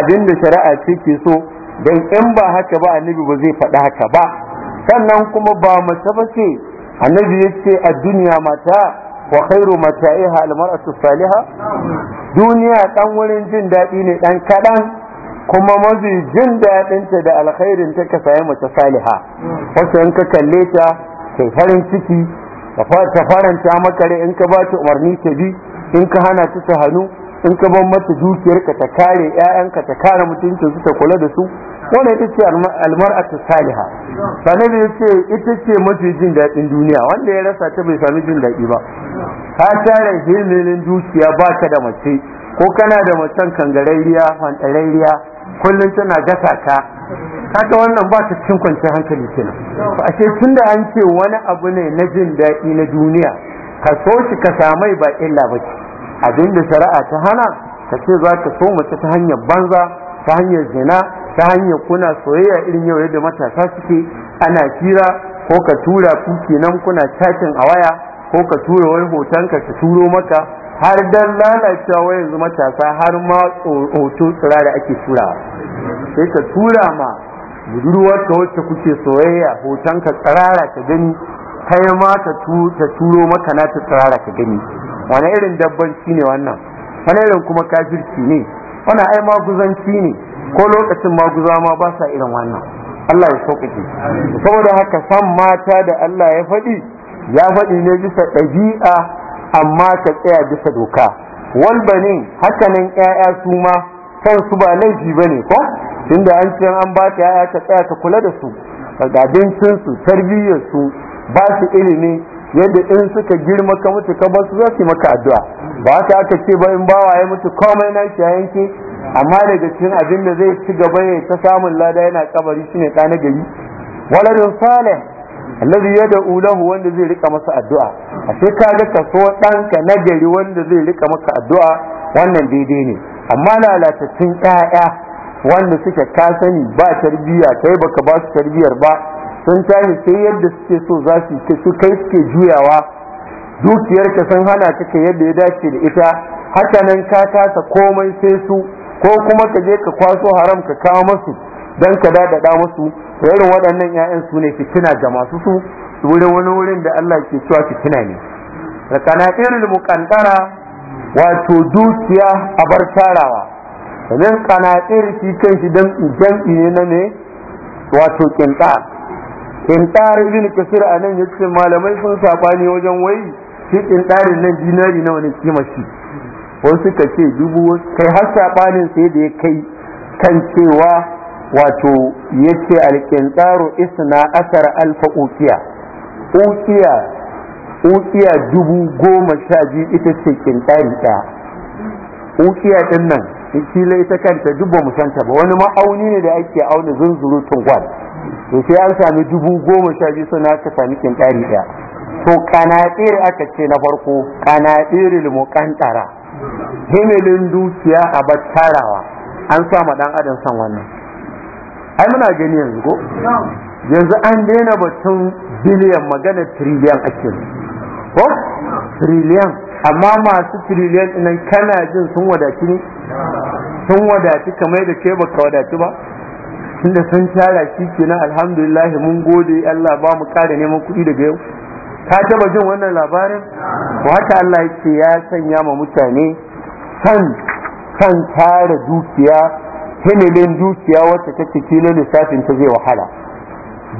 abinda shari'a ce ke so dan in ba haka ba annabi ba zai faɗa haka ba sannan kuma ba mace ba ce annabi ya ce a duniya mata wa khairu mata'iha almar'atu salihah duniya dan wurin jin daɗi ne dan kaɗan kuma mazi jin daɗinta da alkhairin ta ka sayi mace saliha wasu in kalle ta kai farin ciki ta faranta maka rai in ka ba ta umarni ta bi in ka hana ta ta hannu in ka ban mata dukiyarka ta kare ka ta kare mutuncin su ta kula da su wannan ita ce almar'atu saliha sanin ne ce ita ce mafi jin daɗin duniya wanda ya rasa ta bai sami jin daɗi ba ka tare hirmilin dukiya ba ka da mace ko kana da macen kangarairiya fantararriya kullum tana gasa ka kaga wannan ba ta cikin kwanciyar hankali kenan ce tun da an ce wani abu ne na jin daɗi na duniya ka so shi ka samai ba illa ba ce abinda shari'a ta hana ka ce za ka so mace ta hanyar banza ta hanyar zina ta hanyar kuna soyayya irin yau da matasa suke ana kira ko ka tura kuke nan kuna cakin a waya ko ka tura wani hotonka ka turo maka har dan lalacewa yanzu matasa har ma hoto tsira da ake turawa sai ka tura ma budurwarka wacce kuke soyayya hoton ka tsirara ka gani kai ma ta turo maka na ta tsarara ka gani wani irin dabbanci ne wannan wani irin kuma kafirci ne wani ai maguzanci ne ko lokacin maguza ma ba sa irin wannan Allah ya sauƙaƙe saboda haka san mata da Allah ya faɗi ya faɗi ne bisa ɗabi'a amma ka tsaya bisa doka walbanin hakanan 'ya'ya su ma kan su ba laifi bane ko tunda an ce an ba ta yaya ta tsaya ta kula da su ga tarbiyyarsu su tarbiyyar su ba su ilimi yadda in suka girma ka mutu ka ba su za su maka addu'a ba haka aka ce ba in bawa ya mutu komai na shi yanke amma daga cikin abin da zai ci gaba ya ta samun lada yana kabari shine ɗa na gari waladun salih alladhi yad'u lahu wanda zai rika masa addu'a a sai ka ga kaso ɗanka na gari wanda zai rika maka addu'a wannan daidai ne amma lalatattun ƴaƴa wanda suke ka sani ba tarbiyya kai baka ba su tarbiyar ba sun tashi sai yadda suke so za su yi su kai suke juyawa dukiyar ka san hana ka kai yadda ya dace da ita haka nan ka kasa komai sai su ko kuma ka je ka kwaso haram ka kawo masu dan ka dadada musu to irin waɗannan 'ya'yan su ne fitina ga masu su wurin wani wurin da Allah ke cewa fitina ne da kanatirul wato dukiya a bar tarawa sannan kanatir shi kan shi jam'i ne na ne wato kintar kintar ibn kasir a nan yace malamai sun sabani wajen wai shi kintarin nan dinari nawa ne kima shi wasu ka ce dubu kai har sabanin sai da ya kai kan cewa wato yace alkintaru isna asar alfa ukiya ukiya ukiya dubu goma sha biyu ita ce kintari ɗaya ukiya din nan kila ita kanta duk ba mu ba wani ma'auni ne da ake auna zunzuru tun gwal to sai an sami dubu goma sha biyu suna ta sami ɗari ɗaya to kanaɗiri aka ce na farko kanaɗiri limokantara himilin dukiya a batarawa an sa ma ɗan adam san wannan ai muna gani yanzu ko yanzu an daina batun biliyan magana triliyan ake ko triliyan amma masu tiriliyan nan kana jin sun wadaci ne sun wadaci kamar da ke baka wadaci ba tunda sun tara shi kenan alhamdulillah mun gode Allah ba mu kare neman kuɗi daga yau ka taba jin wannan labarin ko haka Allah ya ce ya sanya ma mutane san san tara dukiya himilin dukiya wacce take kilo lissafin ta zai wahala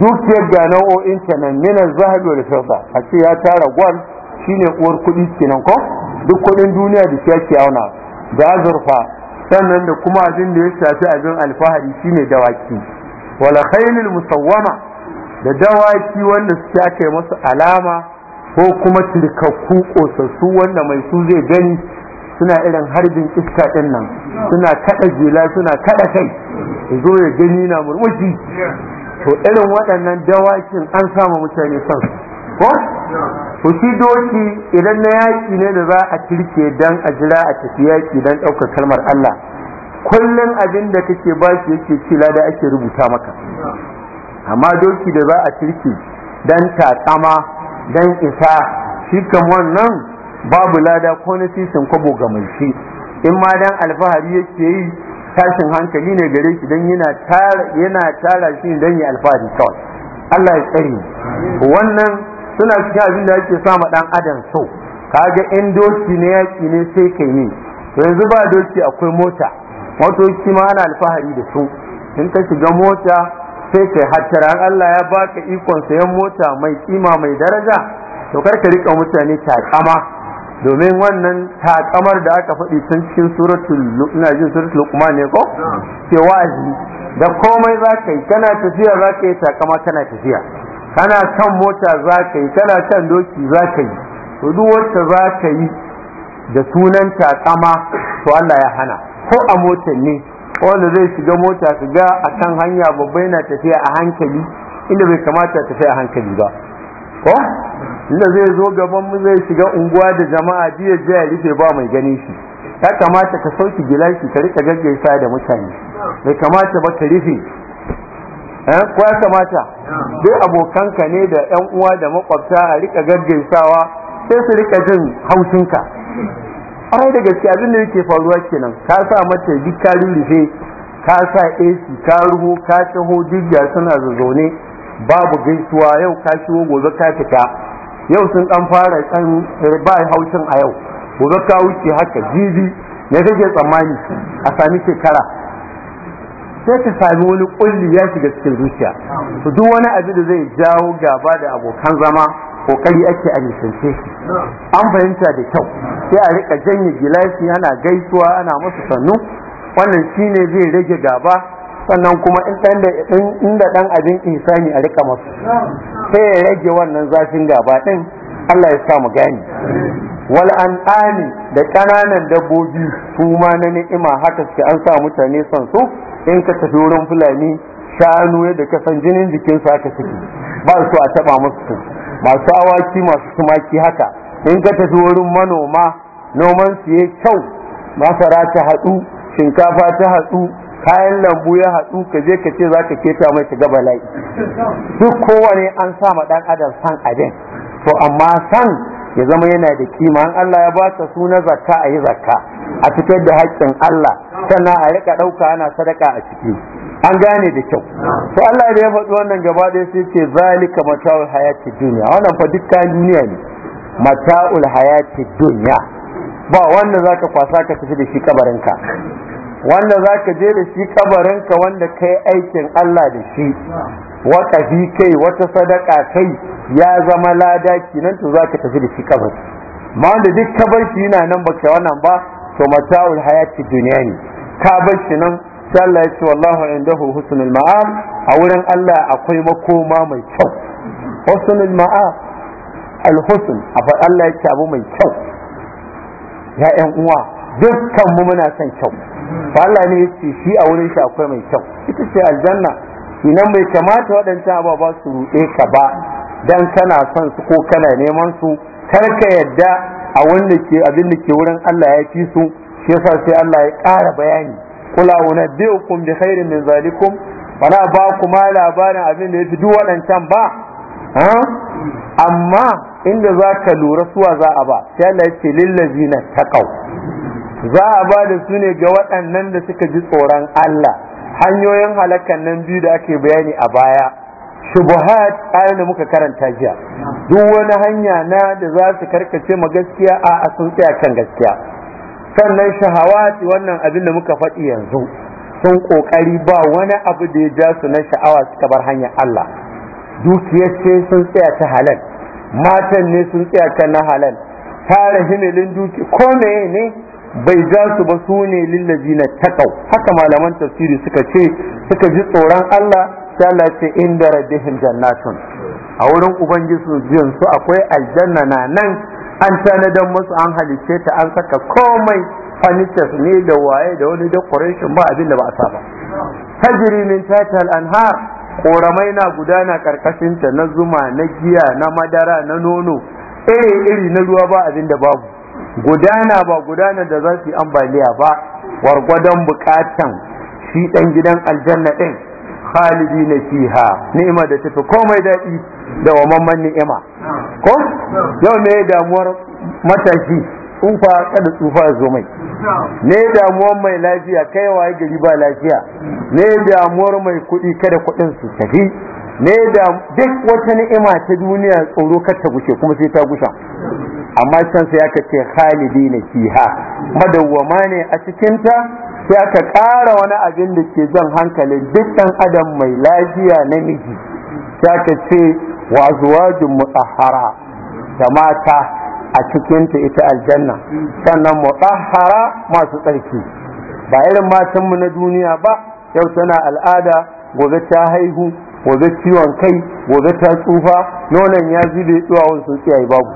dukiyar ga nau'o'in ta nan minan zahabi da fidda a ce ya tara gwal shine uwar kuɗi kenan ko duk kuɗin duniya da shi ake auna da azurfa sannan da kuma abin da ya shafi abin alfahari shine dawaki wala khailul musawwama da dawaki wanda suke aka yi masu alama ko kuma tirkakku kosassu wanda mai su zai gani suna irin harbin iska ɗinnan, nan suna kaɗa jela suna kaɗa kai zo ya gani na murmushi to irin waɗannan dawakin an sama mutane son ko to shi doki idan na yaki ne da za a kirke dan a jira a tafi yaƙi dan ɗaukar kalmar Allah kullum abin da kake ba shi yake cila da ake rubuta maka amma doki da za a kirke dan tsama dan isa shi kan wannan babu lada ko na sisin kwabo ga mai shi in ma dan alfahari yake yi tashin hankali ne gare shi dan yana tara yana tara shi dan ya alfahari kawai Allah ya tsare wannan suna cikin abin da ake sa ma dan adam so kaga in doki ne yaki ne sai kai ne to yanzu ba doki akwai mota motoci ma ana alfahari da su in ka shiga mota sai kai hattara Allah ya baka ikon sayan mota mai kima mai daraja to kar ka rika mutane takama domin wannan takamar da aka faɗi tun cikin suratul ina jin suratul luqman ne ko ke wa'azi da komai za ka yi kana tafiya za ka yi takama kana tafiya kana kan mota za ka yi kana kan doki za ka yi to duk za ka yi da sunan takama to Allah ya hana ko a motar ne wanda zai shiga mota ka ga a kan hanya babba yana tafiya a hankali inda bai kamata tafiya a hankali ba ko inda zai zo gaban mu zai shiga unguwa da jama'a jiya jiya rufe ba mai gani shi ya kamata ka sauki gilashi ka rika gaggaisa da mutane bai kamata ba ka rufe Eh, ko ya kamata duk abokanka ne da yan uwa da makwabta a rika gaggaisawa sai su rika jin haushinka ai da gaske abin da yake faruwa kenan ka sa mata dukka rurufe ka sa AC ka ruho ka taho jirgiya suna zazzaune babu gaisuwa yau ka shigo gobe ka fita yau sun dan fara kan eh, ba haushin a yau gobe ka wuce haka jibi ne kake tsammani a sami shekara sai ka sami wani kulli ya shiga cikin zuciya to duk wani abu da zai jawo gaba da abokan zama kokari ake a nisance shi an fahimta da kyau sai a rika janye gilashi ana gaisuwa ana musu sannu wannan shine zai rage gaba sannan kuma inda dan abin insani a rika musu, sai ya rage wannan zafin gaba din Allah ya sa mu gani wal an'ani da kananan dabbobi su ma na ni'ima haka suke an sa mutane son su in ka tafi wurin fulani shanu yadda ka san jinin su haka suke ba su a taba musu masu awaki masu tumaki haka in ka tafi wurin manoma noman su yayi kyau masara ta haɗu shinkafa ta haɗu kayan lambu ya haɗu ka je ka ce za ka keta mai ta gaba bala'i duk kowane an sa ma ɗan adam san abin to amma san ya zama yana da kima an Allah ya ba ta suna zakka a yi zakka a fitar da haƙƙin Allah sannan a rika ɗauka ana sadaka a ciki an gane da kyau to Allah da ya faɗi wannan gaba ɗaya sai ce zalika mata'ul hayati duniya wannan fa dukkan duniya ne mata'ul hayati duniya ba wanda zaka kwasa ka tafi da shi kabarinka wanda zaka je da shi kabarinka wanda kai aikin Allah da shi waƙafi kai wata sadaka kai ya zama lada kinan to za ka tafi da shi kabar ma wanda duk ka shi yana nan ba kai wannan ba to mata'ul hayati duniya ne ka bar shi nan sai Allah ya ce wallahu indahu husnul ma'am a wurin Allah akwai makoma mai kyau husnul ma'am al-husn Allah ya ce abu mai kyau ya ƴan uwa dukkan mu muna son kyau Allah ne ya ce shi a wurin shi akwai mai kyau ita ce aljanna inan bai kamata waɗancan ba su ruɗe ka ba dan kana son su ko kana neman su kar ka yadda a wanda ke abin da ke wurin Allah ya fi su shi yasa sai Allah ya ƙara bayani kula wana biukum bi khairin min zalikum bana ba ma labarin abin da ya fi duk waɗancan ba amma inda za ka lura suwa za a ba sai Allah ya ce lillazina taqaw za a ba da su ne ga waɗannan da suka ji tsoron Allah hanyoyin halakkan nan biyu da ake bayani a baya shubuhat ayan da muka karanta jiya duk wani hanya na da za su karkace ma gaskiya a sun tsaya kan gaskiya sannan shahawati wannan abin da muka faɗi yanzu sun kokari ba wani abu da ya ja su na sha'awa suka bar hanyar Allah dukiyar ce sun tsaya ta halal matan ne sun tsaya kan na halal tara himilin duki ko ne bai ja su ba su ne na takau haka malaman tafsiri suka ce suka ji tsoron Allah sai Allah ce inda rabbihim jannatun a wurin ubangiji su akwai aljanna na nan an tanadan musu an halice ta an saka komai furnitures ne da waye da wani decoration ba abin da ba a saba tajri min tatal anhar koramai na gudana ƙarƙashinta na zuma na giya na madara na nono iri iri na ruwa ba abin da babu gudana ba gudana da za su yi ambaliya ba wargwadon bukatan shi dan gidan aljanna din khalidi na fiha ni'ima da tafi komai daɗi da mamman ni'ima ko yau ne damuwar matashi tsufa kada tsufa zo mai ne damuwar mai lafiya kai waye gari ba lafiya ne damuwar mai kuɗi kada kuɗin su tafi ne da duk wata ni'ima ta duniya tsoro kar ta gushe kuma sai ta gusha amma can sai aka ce khalidi na fiha madawwama ne a cikinta sai aka ƙara wani abin da ke jan hankalin dukkan adam mai lafiya namiji sai aka ce wa azwajin mutahhara da mata a cikinta ita aljanna sannan mutahhara masu tsarki ba irin matanmu na duniya ba yau tana al'ada gobe ta haihu gobe ciwon kai gobe ta tsufa nonon ya zube duwawun sun tsiyaye babu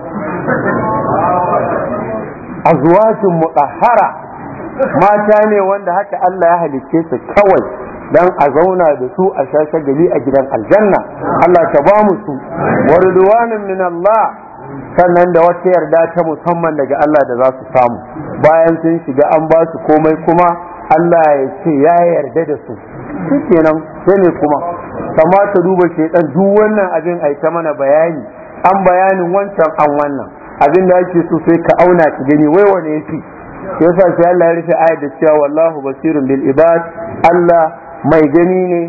A azwajin mutahara mata ne wanda haka Allah ya halicce su kawai dan a zauna da su a shashe gari a gidan aljanna Allah ta ba mu su warduwanin min Allah sannan da wata yarda ta musamman daga Allah da za su samu bayan sun shiga an ba su komai kuma Allah ya ce ya yarda da su shikenan sai ne kuma ta duba shaidan duk wannan abin ai ta mana bayani an bayanin wancan an wannan abin da ake so sai ka auna ki gani wai wane yafi yasa sai Allah ya rufe ayat da cewa wallahu basirun bil ibad Allah mai gani ne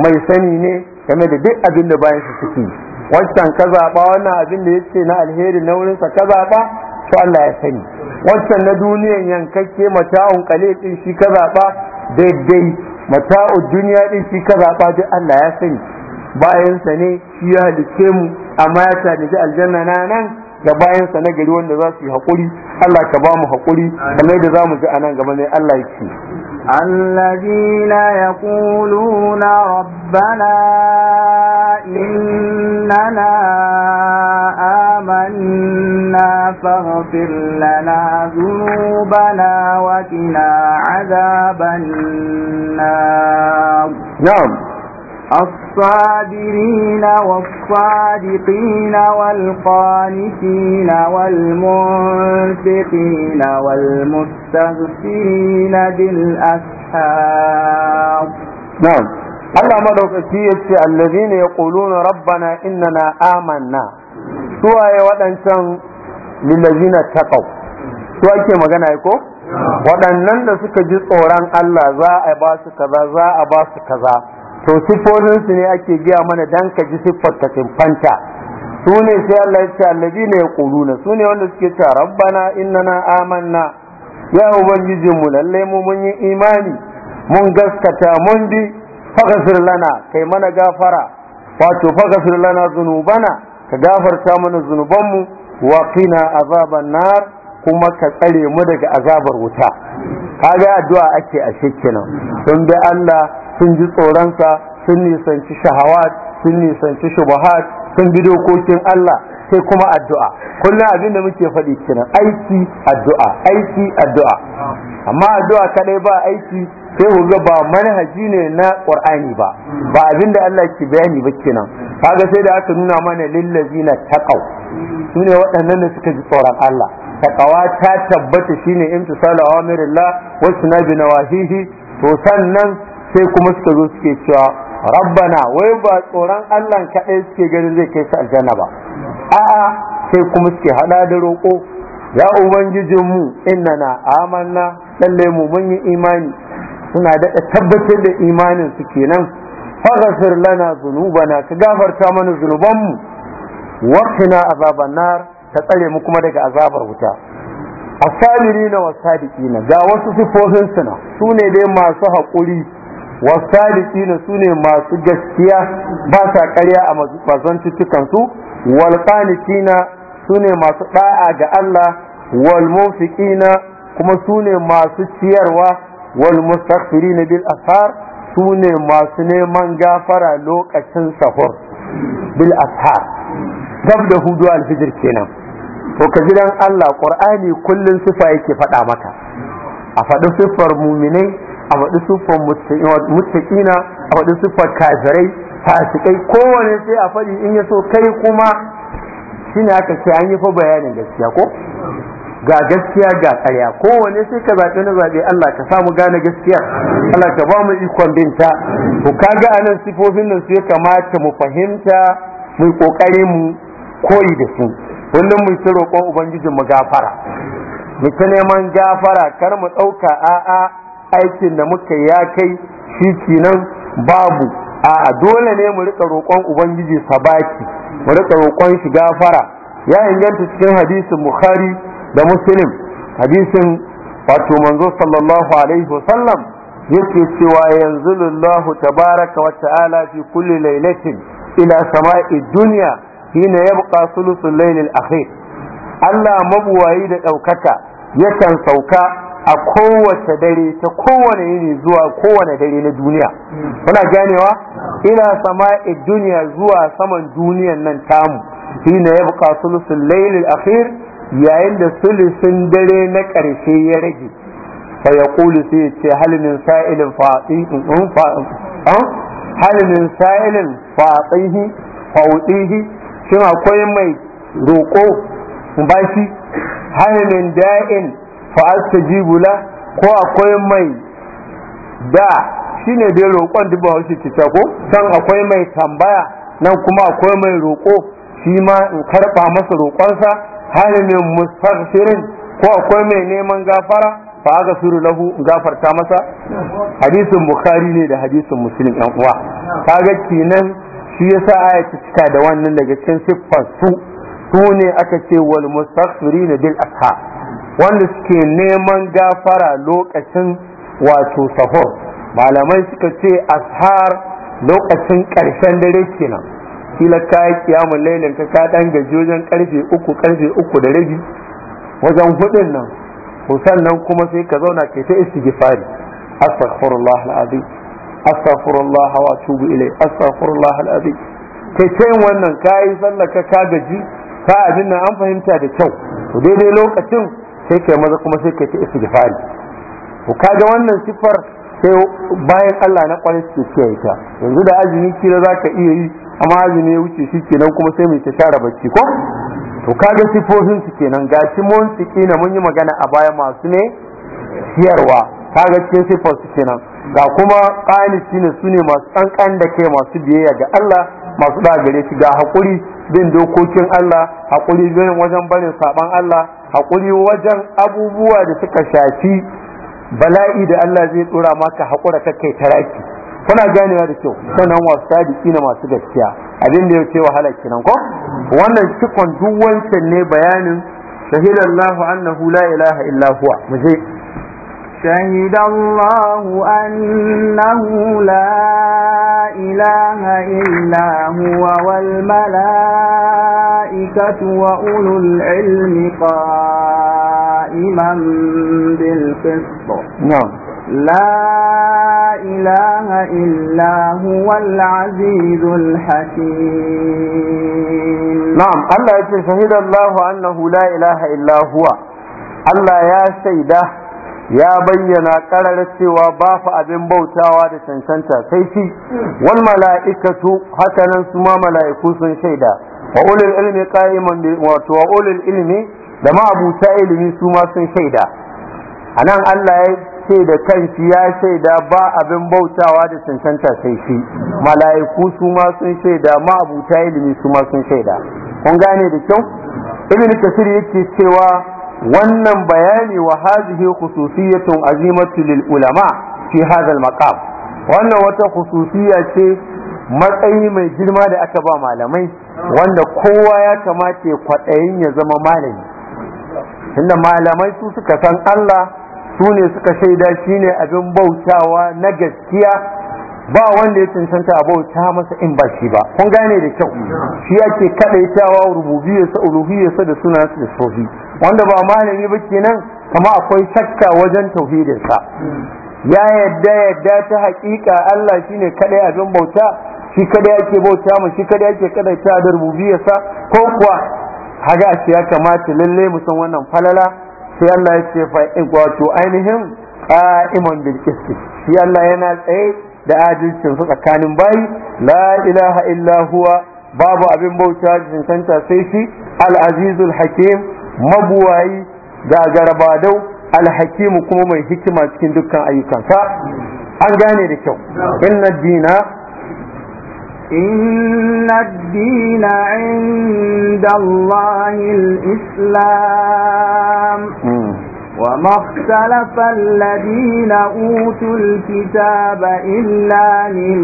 mai sani ne game da duk abin da bayan su suke wancan ka zaba wannan abin da yace na alheri na wurinsa ka zaba to Allah ya sani wancan na duniyan yankakke mata'un qalil din shi ka zaba daidai mata'ud duniya din shi ka zaba duk Allah ya sani bayansa ne shi ya halicce mu amma ya tanaji aljanna na nan ga bayansa na gari wanda za su yi hakuri Allah ka ba mu haƙuri kamar da zamu mu ji a gaba ne Allah ya ce الذين يقولون ربنا إننا آمنا فاغفر لنا ذنوبنا وقنا عذاب النار نعم الصابرين والصادقين والقانتين والمنفقين والمستغفرين بالأسحاب نعم الله مدوك سيئة الذين يقولون ربنا إننا آمنا سواء ودنشان lilazina taqaw su ake magana ko waɗannan da suka ji tsoron Allah za a ba su kaza za a ba su kaza to su ne ake gaya mana dan ka ji siffar ta simfanta su ne sai Allah ya ce allazi ne ya kuluna su ne wanda suke cewa rabbana innana amanna ya mu lalle mu mun yi imani mun gaskata mun bi faghfir lana kai mana gafara wato faghfir lana zunubana ka gafarta mana zunubanmu wa qina azaban nar kuma ka tsare mu daga azabar wuta kaga addu'a ake a kinan. sun bi Allah sun ji tsoronsa sun nisanci shahawat sun nisanci shubahat, sun bi dokokin Allah sai kuma addu'a kullum abinda muke faɗi kenan aiki addu'a aiki addu'a amma addu'a kadai ba aiki sai ku ga ba manhaji ne na qur'ani ba ba abinda Allah ke bayani ba kenan kaga sai da aka nuna mana lillazina taqaw sune waɗannan da suka ji tsoron Allah Taƙawa ta tabbata shine imtisalu awamirillah wa sunabi nawahihi to sannan sai kuma suka zo suke cewa rabbana wai ba tsoron Allah kaɗai suke ganin zai kai su aljanna ba a'a sai kuma suke hada da roƙo ya ubangijinmu inna na amanna lalle mu mun yi imani suna daɗa tabbatar da imanin su kenan faghfir lana dhunubana ka gafarta mana zunubanmu qina azaban nar ka tsare mu kuma daga azabar wuta asalirina wasadiqina ga wasu sifofin na sune dai masu haƙuri wasadiqina sune masu gaskiya ba sa ƙarya a mazantutukan su wal qanitina sune masu da'a ga Allah wal kuma sune masu ciyarwa wal na bil ashar sune masu neman gafara lokacin sahur bil ashar dab da hudu alfijir kenan to ka ji dan Allah qur'ani kullun sifa yake faɗa maka a faɗi siffar muminai a faɗi siffar muttaqina a faɗi siffar kafirai fasikai kowane sai a faɗi in ya so kai kuma shine aka ce an yi fa bayanin gaskiya ko ga gaskiya ga karya kowane sai ka zaɓi na zaɓe Allah ka samu gane gaskiya Allah ka ba mu ikon binta to kaga anan sifofin nan sai kamata mu fahimta mu ƙoƙarin mu koyi da su kullum mu ta roƙon ubangijin mu gafara mu ta neman gafara kar mu ɗauka a'a aikin da muka ya kai shi kenan babu a'a dole ne mu rika roƙon ubangiji sabaki mu rika roƙon shi gafara ya inganta cikin hadisin bukhari da muslim hadisin wato manzo sallallahu alaihi wasallam yake cewa yanzu lullahu tabaraka wa ta'ala fi kulli lailatin ila sama'i dunya hina yabqa thuluthul laylil akhir Allah mabuwayi da daukaka yakan sauka a kowace dare ta kowane yini zuwa kowane dare na duniya kuna ganewa ila sama'i dunya zuwa saman duniyan nan tamu hina yabqa thuluthul laylil akhir yayin da sulusin dare na ƙarshe ya rage fa ya kulu sai ce Halin sa'ilin um, um, halimin sa'ilin fatsihi fautihi shin akwai mai roƙo bashi halimin da'in jibula ko akwai mai da shi ne dai roƙon duba wasu cuta ko san akwai mai tambaya nan kuma akwai mai roƙo shi ma in karɓa masa roƙonsa hal min mustaghfirin ko akwai mai neman gafara fa aga suru lahu gafarta masa hadisin bukhari ne da hadisin muslim yan uwa kaga kinan shi yasa aya ta cika da wannan daga cikin siffar su su ne aka ce wal mustaghfirin bil ashab wanda suke neman gafara lokacin wato sahur malamai suka ce ashar lokacin ƙarshen dare kenan kila ka yi kiyamun lailin ka ka dan gaji wajen karfe uku karfe uku da rabi wajen hudun nan ko sannan kuma sai ka zauna kai ta istighfari astaghfirullah alazim astaghfirullah wa tubu ilai astaghfirullah alazim kai ta yin wannan ka yi sallar ka ka gaji ka abin nan an fahimta da kyau to daidai lokacin sai kai maza kuma sai kai ta istighfari ko kaga wannan siffar sai bayan Allah na kwarai ke kiyaye yanzu da azumi kila zaka iya yi amma azumi ya wuce shi kenan kuma sai mai ta share bacci ko to kaga sifofin su kenan shi mun tsiki na mun yi magana a baya masu ne siyarwa kaga cikin sifofin su kenan ga kuma qanisi ne sune masu tsankan da kai masu biyayya ga Allah masu da gare shi ga hakuri bin dokokin Allah hakuri bin wajen barin saban Allah hakuri wajen abubuwa da suka shafi bala'i da Allah zai dora maka hakura kai taraki kuna ganewa da kyau sannan wasu sadiki na masu gaskiya abin da ya ce wahala kenan ko wannan cikon duk wancan ne bayanin shahidallahu annahu la ilaha illa huwa mu je شهد الله أنه لا إله إلا هو والملائكة وأولو العلم قائما بالقسط نعم لا إله إلا هو العزيز الحكيم نعم قال شهد الله أنه لا إله إلا هو Allah ya shaida ya bayyana kararar cewa ba fa abin bautawa da cancanta sai shi wal mala'ikatu haka nan su ma mala'iku sun shaida wa ulil ilmi qa'iman wato wa ulil da ma abu ta ilmi su ma sun shaida anan Allah ya ce da kanshi ya shaida ba abin bautawa da cancanta sai shi mala'iku su ma sun shaida ma'abuta ilimi su ma sun shaida kun gane da kyau ibn kasir yake cewa wannan bayani wa hadhihi khususiyatun azimatu lil ulama fi hadha al maqam wannan wata khususiyya ce matsayi mai girma da aka ba malamai wanda kowa ya kamata ya kwaɗayin ya zama malami tunda malamai su suka san Allah su ne suka shaida shine abin bautawa na gaskiya ba wanda ya cancanta a bauta masa in ba shi ba kun gane da kyau shi yake kadaitawa rububiyarsa sa da suna da sohi wanda ba malami ba kenan kama akwai shakka wajen tauhidinsa ya yadda yadda ta hakika Allah shine kadai abin bauta shi kadai yake bauta mu shi kadai yake kadaita da rububiyarsa ko kuwa haga ya kamata lalle mu san wannan falala sai Allah ya ce fa wato ainihin ƙa'iman bil Sai Allah yana tsaye da adalcin su tsakanin bayi la ilaha illa huwa babu abin bauta jinkanta sai shi al hakim mabuwayi gagarabadau dau alhakimu kuma mai hikima cikin dukkan ayyukansa an gane da kyau inna dina إن الدين عند الله الإسلام وما اختلف الذين أوتوا الكتاب إلا من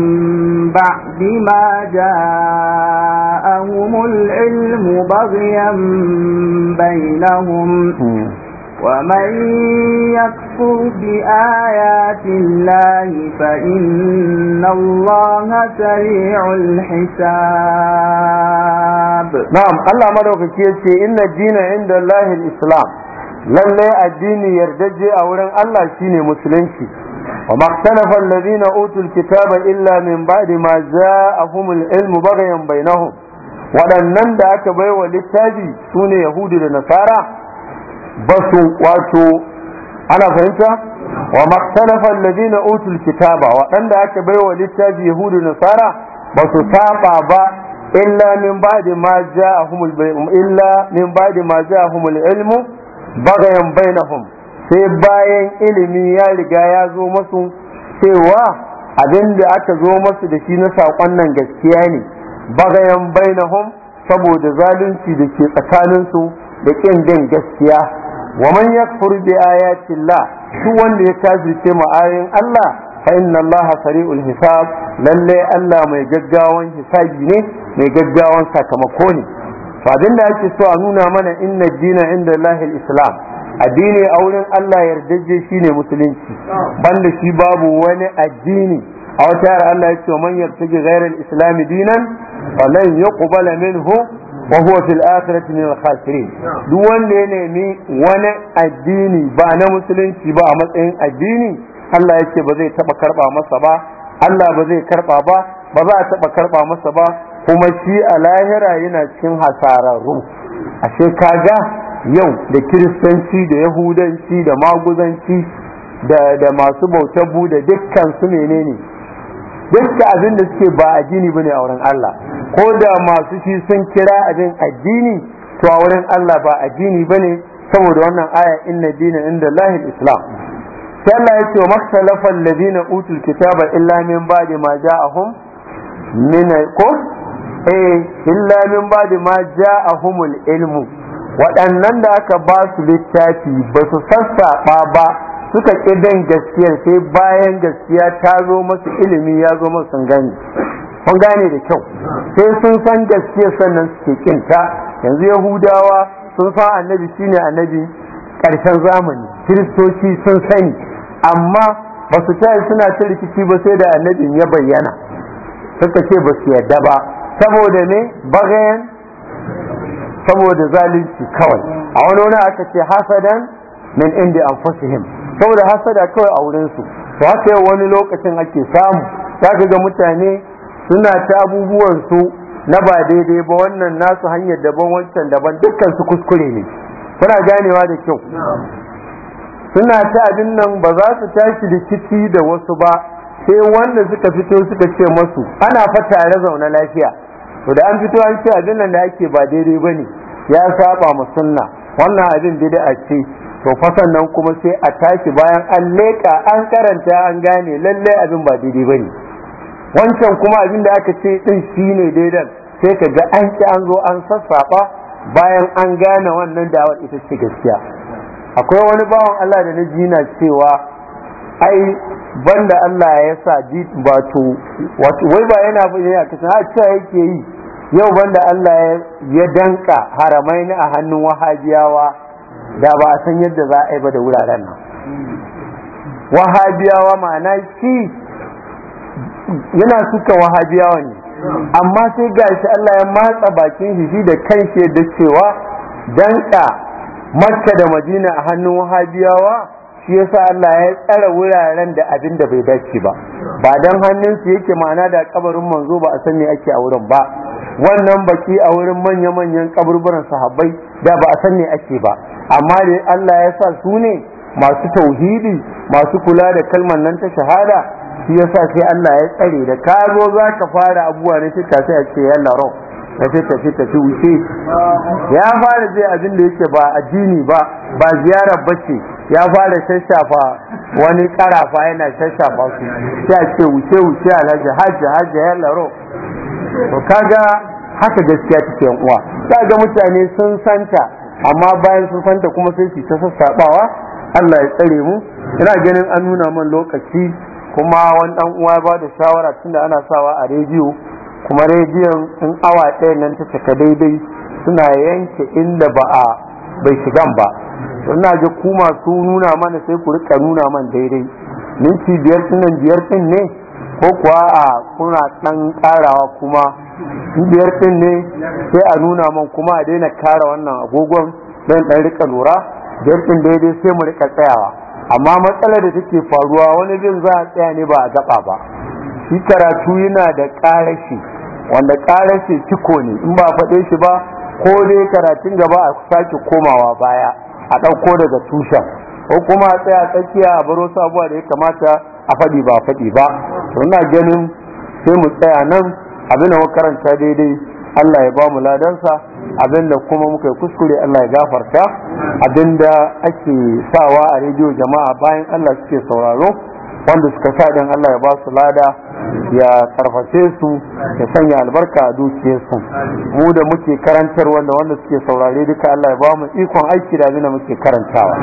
بعد ما جاءهم العلم بغيا بينهم ومن يكفر بآيات الله فإن الله سريع الحساب نعم الله مدوك كيسي إن الدين عند الله الإسلام لله الدين يرجج أولا الله شيني مسلمشي وما اختلف الذين أوتوا الكتاب إلا من بعد ما جاءهم العلم بغيا بينهم waɗannan da aka baiwa littafi su ne yahudu da nasara basu wato ana fahimta wa makhtalafa alladhina utul kitaba waɗanda aka baiwa littafi yahudu nasara ba su saba ba illa min ba'di ma ja'ahumul illa min ba'di ma ja'ahumul ilmu bagayan bainahum sai bayan ilimi ya riga ya zo masu cewa abin da aka zo masu da shi na saƙonnan nan gaskiya ne bagayan bainahum saboda zalunci da ke tsakaninsu da ƙin din gaskiya wa man yakfur bi ayati Allah wanda ya kafirce mu Allah fa inna sari'ul hisab lallai Allah mai gaggawan hisabi ne mai gaggawan sakamako ne to abin da ake so a nuna mana inna dina inda Allah islam addini a wurin Allah yarda yardaje shine musulunci banda shi babu wani addini a wata Allah ya ce man yartaji ghairal islam dinan falan yuqbala minhu wa huwa fil akhirati min al khasirin duk wanda ya wani addini ba na musulunci ba a matsayin addini Allah yake ba zai taba karɓa masa ba Allah ba zai karba ba ba za a taɓa karɓa masa ba kuma shi a lahira yana cikin hasararru ashe kaga yau da kiristanci da yahudanci da maguzanci da masu bautar buda dukkan su menene duk abin da suke ba addini ne a wurin Allah ko da masu shi sun kira abin addini to a wurin Allah ba addini bane saboda wannan aya inna dina inda lahil islam sai Allah ya ce makhtalafa alladhina utul kitaba illa min ba'di ma ja'ahum min ko eh illa min ba'di ma ja'ahumul ilmu waɗannan da aka ba su littafi ba su sassaɓa ba suka ƙi gaskiyar sai bayan gaskiya ta zo masu ilimi ya zo masu gani kun gane da kyau sai sun san gaske sannan suke kinta yanzu yahudawa sun fa annabi shine annabi karshen zamani kiristoci sun sani amma ba su tayi suna ta rikici ba sai da annabin ya bayyana suka ce ba su yarda ba saboda ne bagayen saboda zalunci kawai a wani wani aka ce hasadan min inda anfusihim saboda hasada kawai a wurinsu to haka yau wani lokacin ake samu za ga mutane suna ta abubuwansu na ba daidai ba wannan nasu hanyar daban wancan daban dukkan su kuskure ne kuna ganewa da kyau suna ta abin nan ba za su tashi rikici da wasu ba sai wanda suka fito suka ce masu ana fa tare zaune lafiya to da an fito an ce abin nan da ake ba daidai ba ne ya saba ma sunna wannan abin daidai a ce to fasan nan kuma sai a tashi bayan an leƙa an karanta an gane lallai abin ba daidai ba ne wancan kuma abin da aka ce din shine daidan sai ka ga an ki an zo an sassafa bayan an gane wannan da'awar ita ce gaskiya akwai wani bawan Allah da na jina cewa ai banda Allah ya sa ji wato wai ba yana ya kasan ha ce yake yi yau banda Allah ya danka haramai a hannun wahajiyawa, da ba a san yadda za a yi ba da wuraren nan hmm. wahabiyawa ma'ana shi yana suka wahabiyawa ne amma sai gashi Allah ya matsa bakin shi shi da kanshi da cewa danka makka da madina a hannun wahabiyawa shi yasa Allah ya tsara wuraren da abin da bai dace ba ba dan hannunsu yake ma'ana da kabarin manzo ba a san ake a wurin ba wannan baki a wurin manya-manyan kaburburan sahabbai da ba a san me ake ba amma dai Allah ya sa su ne masu tauhidi masu kula da kalmar nan ta shahada shi yasa sai Allah ya tsare da ka zo za ka fara abubuwa ne sai ka sai a ce yalla ro tafi tafi tafi wuce ya fara zai abin da yake ba addini ba ba ziyara bace ya fara shashafa wani karafa yana shashafa su sai a ce wuce wuce alhaji hajji hajji yalla ro to kaga haka gaskiya take yan uwa ga mutane sun santa amma bayan sun fanta kuma sai su ta sassabawa Allah ya tsare mu ina ganin an nuna man lokaci kuma wani dan uwa ba da shawara tunda ana sawa a rediyo kuma rediyon in awa ɗaya nan ta cika daidai suna yanke inda ba a bai shiga ba ina ji ku masu nuna mana sai ku rika nuna man daidai minti biyar nan biyar ɗin ne ko kuwa a kuna ɗan ƙarawa kuma biyar ɗin ne sai a nuna man kuma a daina kara wannan agogon don ɗan rika lura jirgin daidai sai mu rika tsayawa amma matsalar da take faruwa wani jin za a tsaya ne ba a gaba ba shi karatu yana da ƙarashi wanda ƙarashi ciko ne in ba faɗe shi ba ko dai karatun gaba a sake komawa baya a ɗauko daga tushen ko kuma a tsaya tsakiya a baro sabuwa da ya kamata a faɗi ba faɗi ba to ina ganin sai mu tsaya nan abin da makaranta daidai Allah ya ba mu ladansa abinda kuma muka yi kuskure Allah ya gafarta abinda ake sawa a rediyo jama'a bayan Allah suke sauraro wanda suka sa din Allah ya ba su lada ya karfafe su ya sanya albarka a dukiyarsu mu da muke karantar wanda wanda suke saurare duka Allah ya ba mu ikon aiki da abinda muke karantawa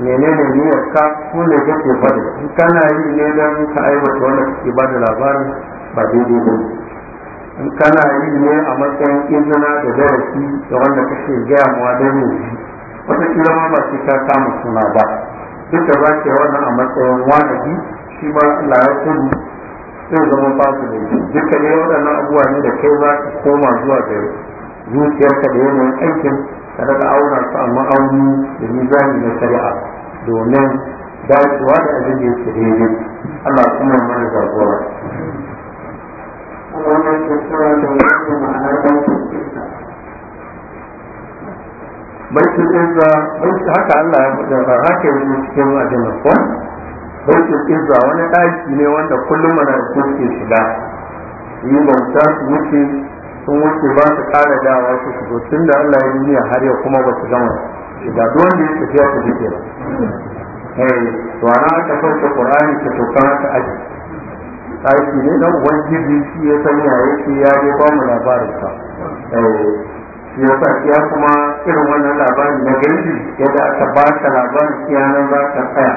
menene niyyar ka ko ne kake in kana yi ne dan ka aiwata wanda kake ba da labarin ba daidai ba in kana yi ne a matsayin izina da darasi da wanda kake gaya mu don ne wata kila ma ba ka samu suna ba duka za ka wannan a matsayin wani shi ba Allah ya kudu sai zama ba su da shi duka ne waɗannan ne da kai za ka koma zuwa ga zuciyarka da yanayin aikin ka daga auna su a ma'auni da mizani na shari'a domin dacewa da abin da yake daidai Allah kuma mana jagora wannan tattara da wani ma'anar bankin isa bankin isa bankin haka Allah ya faɗa ba haka yanzu cikin ajiyar ko bankin isa wani ɗaki ne wanda kullum mana da shiga yi bauta su wuce sun wuce ba su ƙara dawa su shigo tun da Allah ya duniya har yau kuma ba su gama da duk wanda ya tafiya ta duke ba eh to ana aka sauke Qur'ani ta tokan aka aji aiki ne dan jirgi shi ya sanya yake ya je ba mu labarin sa eh ya sa ya kuma irin wannan labarin na gaibi yadda aka ba ka labarin kiyanan za ka tsaya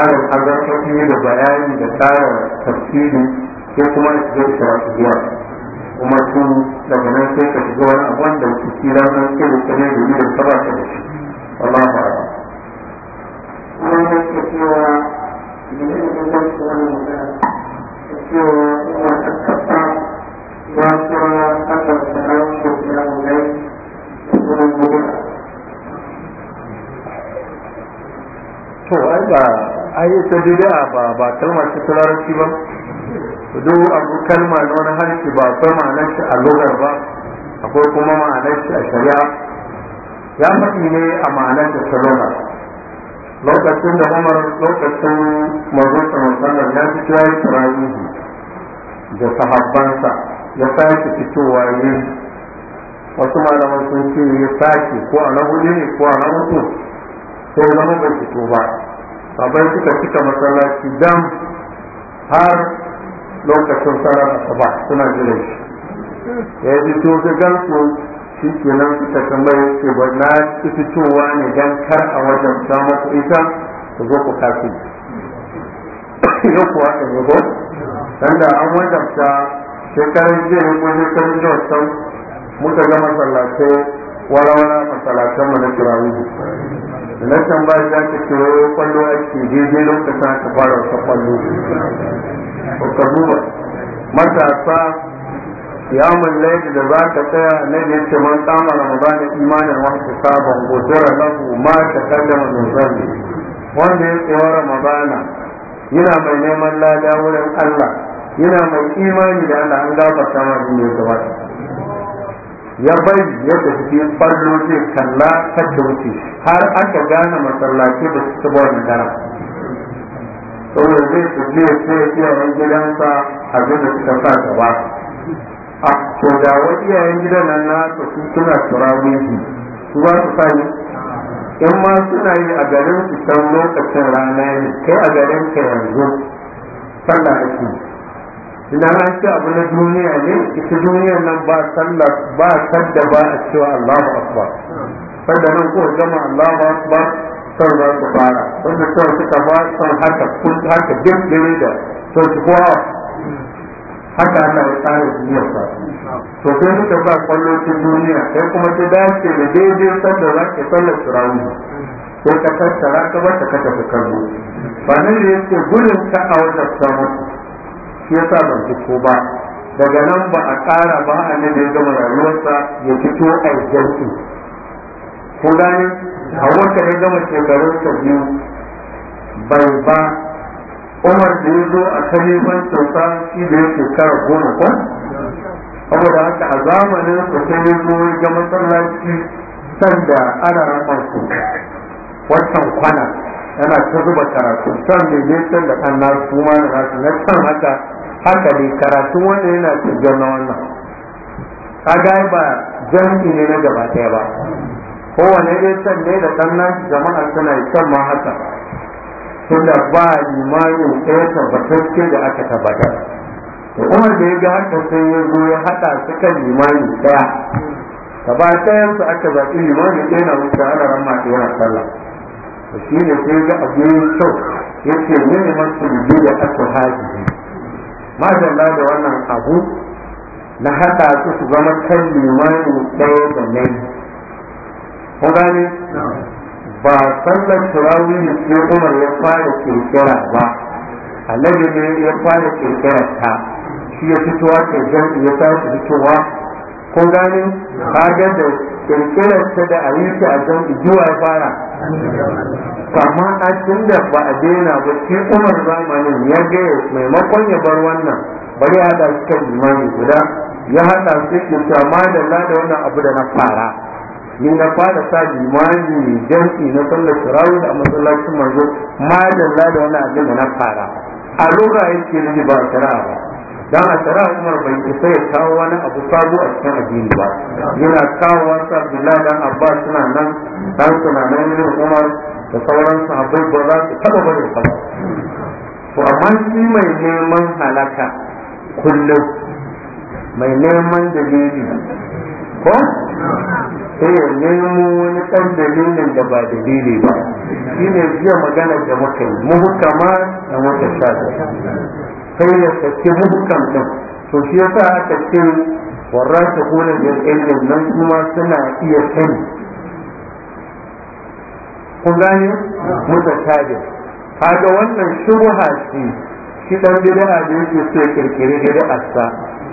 harin azarfafi da bayani da tsara tafsiri ko kuma da shiga shirar kuma sun daga nan sai ka shiga wani abu da su ci ranar ke da kare da yi da saba ka da shi wallah ba ba wani da ke cewa yi ta zai ci wani ke cewa ya kira da ran ko kira wurin to ai ba ai ta ba ba kalmar ta larabci ba duk abu kalma na wani harshe ba akwai ma'anar shi a lugar ba akwai kuma ma'anar shi a shari'a ya faɗi ne a ma'anar da ta lugar lokacin da umar lokacin mazo ya fi kira ibrahim da sahabbansa ya sake fitowa ne wasu malaman sun ce ya sake ko a na hudu ne ko a na hudu sai zama bai fito ba sabai suka cika masallaci dam har lokacin sarar asaba suna jiran shi ya yi fito ga gansu shi ke nan suka tambaye ce ba na ci fitowa ne don kar a wajen samun ita ku zo ku kafi yau kuwa ta yi don sanda an wajabta shekarar jiya ko ta jiya sau muka ga masallatai walawala masalatan mu na kirawu na tambaye za ta kiro kwallo ake daidai lokacin ta fara wasa kwallo وقبوة متى matasa قيام Ladi da za ka tsaya na ne ce man tsama ramadan imanin wasu sabon gudura na ma ta kaddama min wanda ya tsawa ramadana yana mai neman lada wurin Allah yana mai imani da Allah an gafarta ma da ne gabata ya bai ya suke farlo kalla ta wuce har aka gane masallaci da su taba wannan saboda zai tsaye sai iyayen gidansa abin da suka sa gaba a to da wani iyayen gidan nan na ta su suna su ba su sani. in ma suna yi a garin su can lokacin rana ne kai a garin ka yanzu sallah ake ina na ce abu na duniya ne ita duniyar nan ba sallah ba sadda ba a cewa Allahu akbar nan ko jama'a Allahu akbar son za fara wanda son suka ba son haka kun haka da to su kowa haka Allah ya tsara duniyar sa. to sai muka ba kwallocin duniya sai kuma ta dace da daidai da za ka sallar turawu ko ka tattara ka ba ta kasa ka kallo ba nan da yake gurin ka a wata samu shi yasa ban fito ba daga nan ba a ƙara ba a nan da ya gama rayuwarsa ya fito a jantu ko gane A ka ya gama shekarun ka biyu bai ba umar da ya zo a kalifan kyauta shi da ya shekara goma ko da haka a zamanin sa sai ya zo ya ga masallaci sanda ana ramar su wancan kwana yana ta zuba karatu can da ne can da kan nasu ma nasu na can haka haka ne karatu wanda yana cikin na wannan kaga ba jami'i ne na gaba ɗaya ba kowane dai can ne da ɗan nashi jama'a suna yi can ma haka tunda ba limamin ɗaya tabbatacce da aka tabbatar da umar da ya ga haka sai ya zo ya haɗa su kan limamin ɗaya ka ba ɗayan su aka zaɓi limamin ɗaya na wuce ana ramma yana sallah to shi ne sai ga abu ya kyau ya ce mini masu biyu da aka haji madalla da wannan abu na haɗa su su zama kan limamin ɗaya da nai ko ba sallar turawi ne ko umar ya fara kirkira ba annabi ne ya fara kirkira ta shi ya fitowa ke jan ya tashi fitowa ko gane ga da kirkira ta da ayyuka a jan zuwa ya fara amma a cikin da ba a daina ba shi umar zamanin ya ga maimakon ya bar wannan bari ya haɗa shi kan limani guda ya haɗa su ke cewa da wannan abu da na fara ni na fara sa limani jam'i na sallar tarawih a masallacin manzo madalla da wani abin da na fara a lura yake ni ba shari'a ba dan a shari'a Umar bai isa ya kawo wani abu sabo a cikin addini ba yana kawo wasu Abdullahi dan Abbas suna nan dan suna nan ne Umar da sauran sahabbai ba za su taba bari ba to amma shi mai neman halaka kullum mai neman dalili ko sai eh, ya nemo wani ɗan dalilin da ba dalili ba shi ne jiya magana da muka yi muhukama da muka sa sai ya sake muhukam ɗin to shi yasa aka ce warrata kunan da ilmin nan kuma suna iya sani kun gane mutatajin kaga wannan shubha Hasi, shi dan bid'a da yake so ya kirkire bid'a sa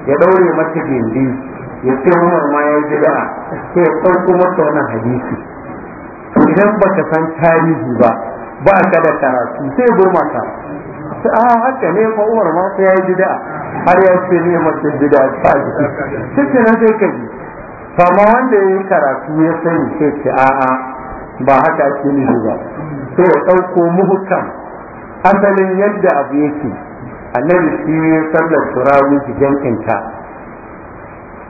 ya ɗaure mata gindi ya ce wannan ma ya yi da'a, sai ya ɗauko masa wannan hadisi idan ba ka san tarihi ba ba ka da karatu sai ya goma ka a haka ne fa umar ma ya yi da'a, har ya ce ne mace bida ta ji sai na sai ka ji wanda ya yi karatu ya sani sai ce a'a ba haka ake nufi ba sai ya ɗauko muhukan asalin yadda abu yake annabi shi sallar turawi ki inta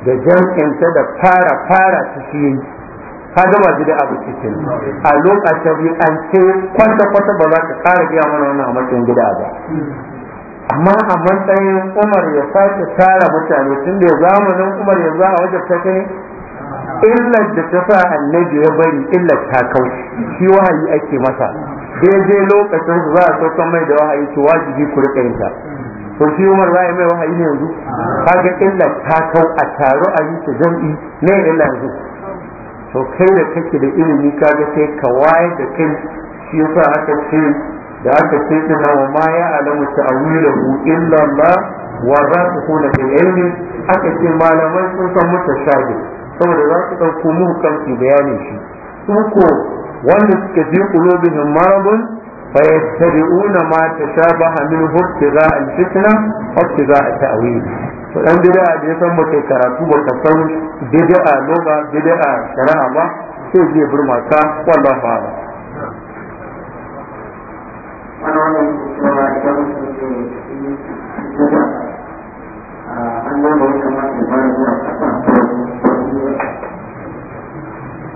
da jam'inta da fara fara ta shi ka gama bida abu cikin a lokacin an ce kwanta kwata ba za ka kara biya mana wannan a matsayin gida ba amma a matsayin umar ya sake tara mutane tun da zamanin umar ya za a wajen ta ne illar da ta sa annabi ya bari illar ta kauce shi wahayi ake masa daidai lokacin za a sauka mai da wahayi to wajibi ku rika yin ta to shi Umar ba ya mai wahayi ne yanzu kaga illa ta kau a taro a yi ta jam'i ne illa yanzu to kai da kake da ilimi kaga sai ka waye da kai shi yasa aka ce da aka ce din wa ma ya alamu ta'awilahu illa Allah wa rasikhuna fil ilmi aka ce malaman sun san mutashabi saboda za su dauko kan su bayanin shi su wanda suka ji qulubihim maradun فيتبعون ما تشابه منه ابتغاء الفتنة وابتغاء التأويل dan bid'a da ya san ba kai karatu ba ka san bid'a loga bid'a ba sai an wata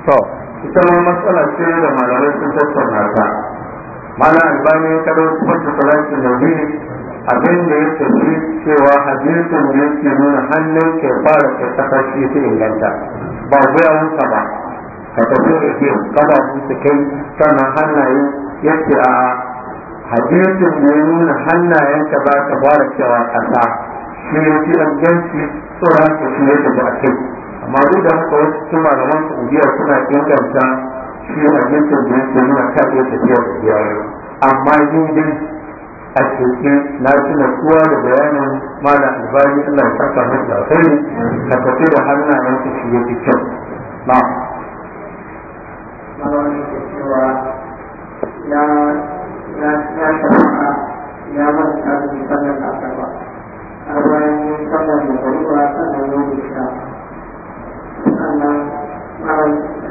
to ita ma matsala ce da malamai sun tattauna ta mana albani ya kada kwanta salatin da abin da ya tafi cewa hadisin da yake nuna hannun ke fara ta saka shi ta inganta ba wuta ba ka tafi da ke kada su kai sannan hannaye yake a hadisin da ya nuna hannayen ka za ta fara cewa kasa shi ya fi inganci tsoron ka shi ya tafi a kai amma duk da haka wasu malaman saudiya suna inganta yana gefen da yake nuna ta iya tafiya da iyaye amma dai a cikin na tuna natsuwa da bayanin malam albani ina ya saka masa alkhairi ka tafi da hannayen su shi yafi kyau na'am malamin ke cewa ya ya da da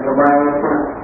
daga bayan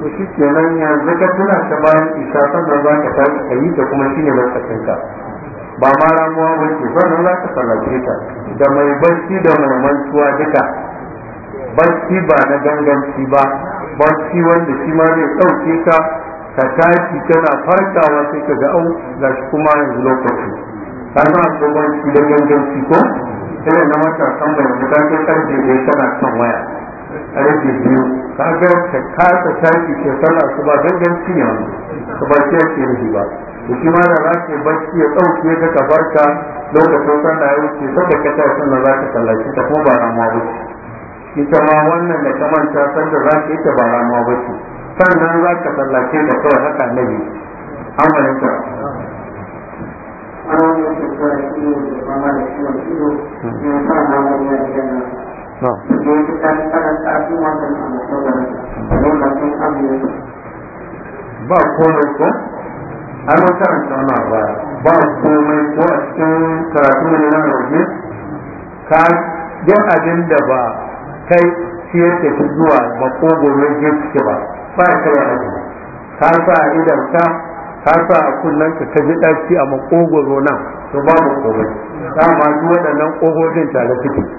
to shi kenan yanzu ka tuna ta bayan isa sannan za ka ta kuma shine lokacinka ba ma ramuwa ba ce sannan za ka sallace ta da mai barci da mai mantuwa duka bacci ba na ganganci ba bacci wanda shi ma zai ɗauke ka ka tashi kana farkawa sai ka ga au ga shi kuma yanzu lokaci ka so ko da ganganci ko sai na matasan mai guda ta kan da tana son waya a rage biyu kaga ka kasa tashi ke sallah su ba ganganci ne wani ka ba shi yake rufi ba da shi ma da za ka bacci ya ɗauke ka ka barka lokacin sallah ya wuce saboda ka tashi sallah za ka sallaci ta kuma ba ramuwa ba ce ita ma wannan da ka manta sanda za ka yi ta ba ramuwa ba ce sannan za ka sallace ta kawai haka nabi amalin ka ana wani da shi ne da mama da ciwon ido ne hmm. sa na wani ya ba komai ko an mun karanta wannan ba ba komai ko a cikin karatu ne na roje ka duk abin da ba kai shi ya zuwa ba ko gobe ya ba ba ya kai ka sa a idan ka sa a ka ka ji ɗaci a makogoro nan to ba komai dama duk waɗannan ta tare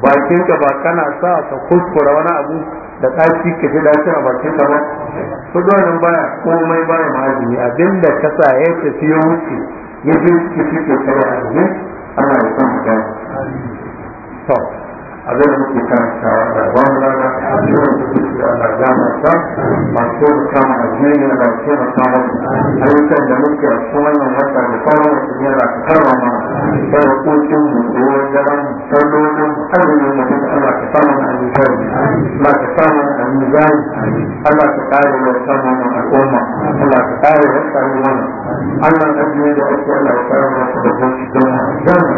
bakin ka ba kana sa ka kuskura wani abu da ɗaci ka ji ɗaci a bakin ka ba su donin baya komai baya ma'azini abinda ka sa ya tafi ya wuce ya ji ciki ciki kare ana da son magana abin da muke karanta da ban rana yawan kusurci a lagamata masu kama a jini da masu kama ayyukan da muke a cikin wannan wata da sauran wasu yana ka karra mana sai da kokin mu ruwan daren sallolin azumin da duka Allah ka samu na alizari Allah ka samu na alizari Allah ka kare wa samu na al'umma Allah ka kare wa samu mana Allah ka biyo da ake Allah ya kare wa samu na aljanna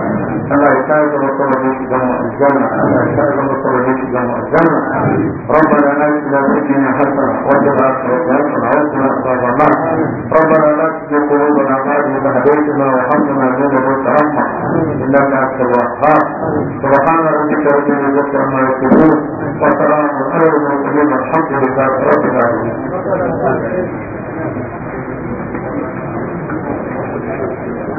Allah ya kare ma samu na aljanna ربنا لا تزغ قلوبنا حسنة وجب عقوبتنا وعذنا عذاب ربنا لا تزغ قلوبنا بعد إذ هديتنا وهب لنا من لدنك رحمة إنك أنت الوهاب سبحان ربك رب العزة ما يصفون وسلام على المرسلين الحمد لله رب العالمين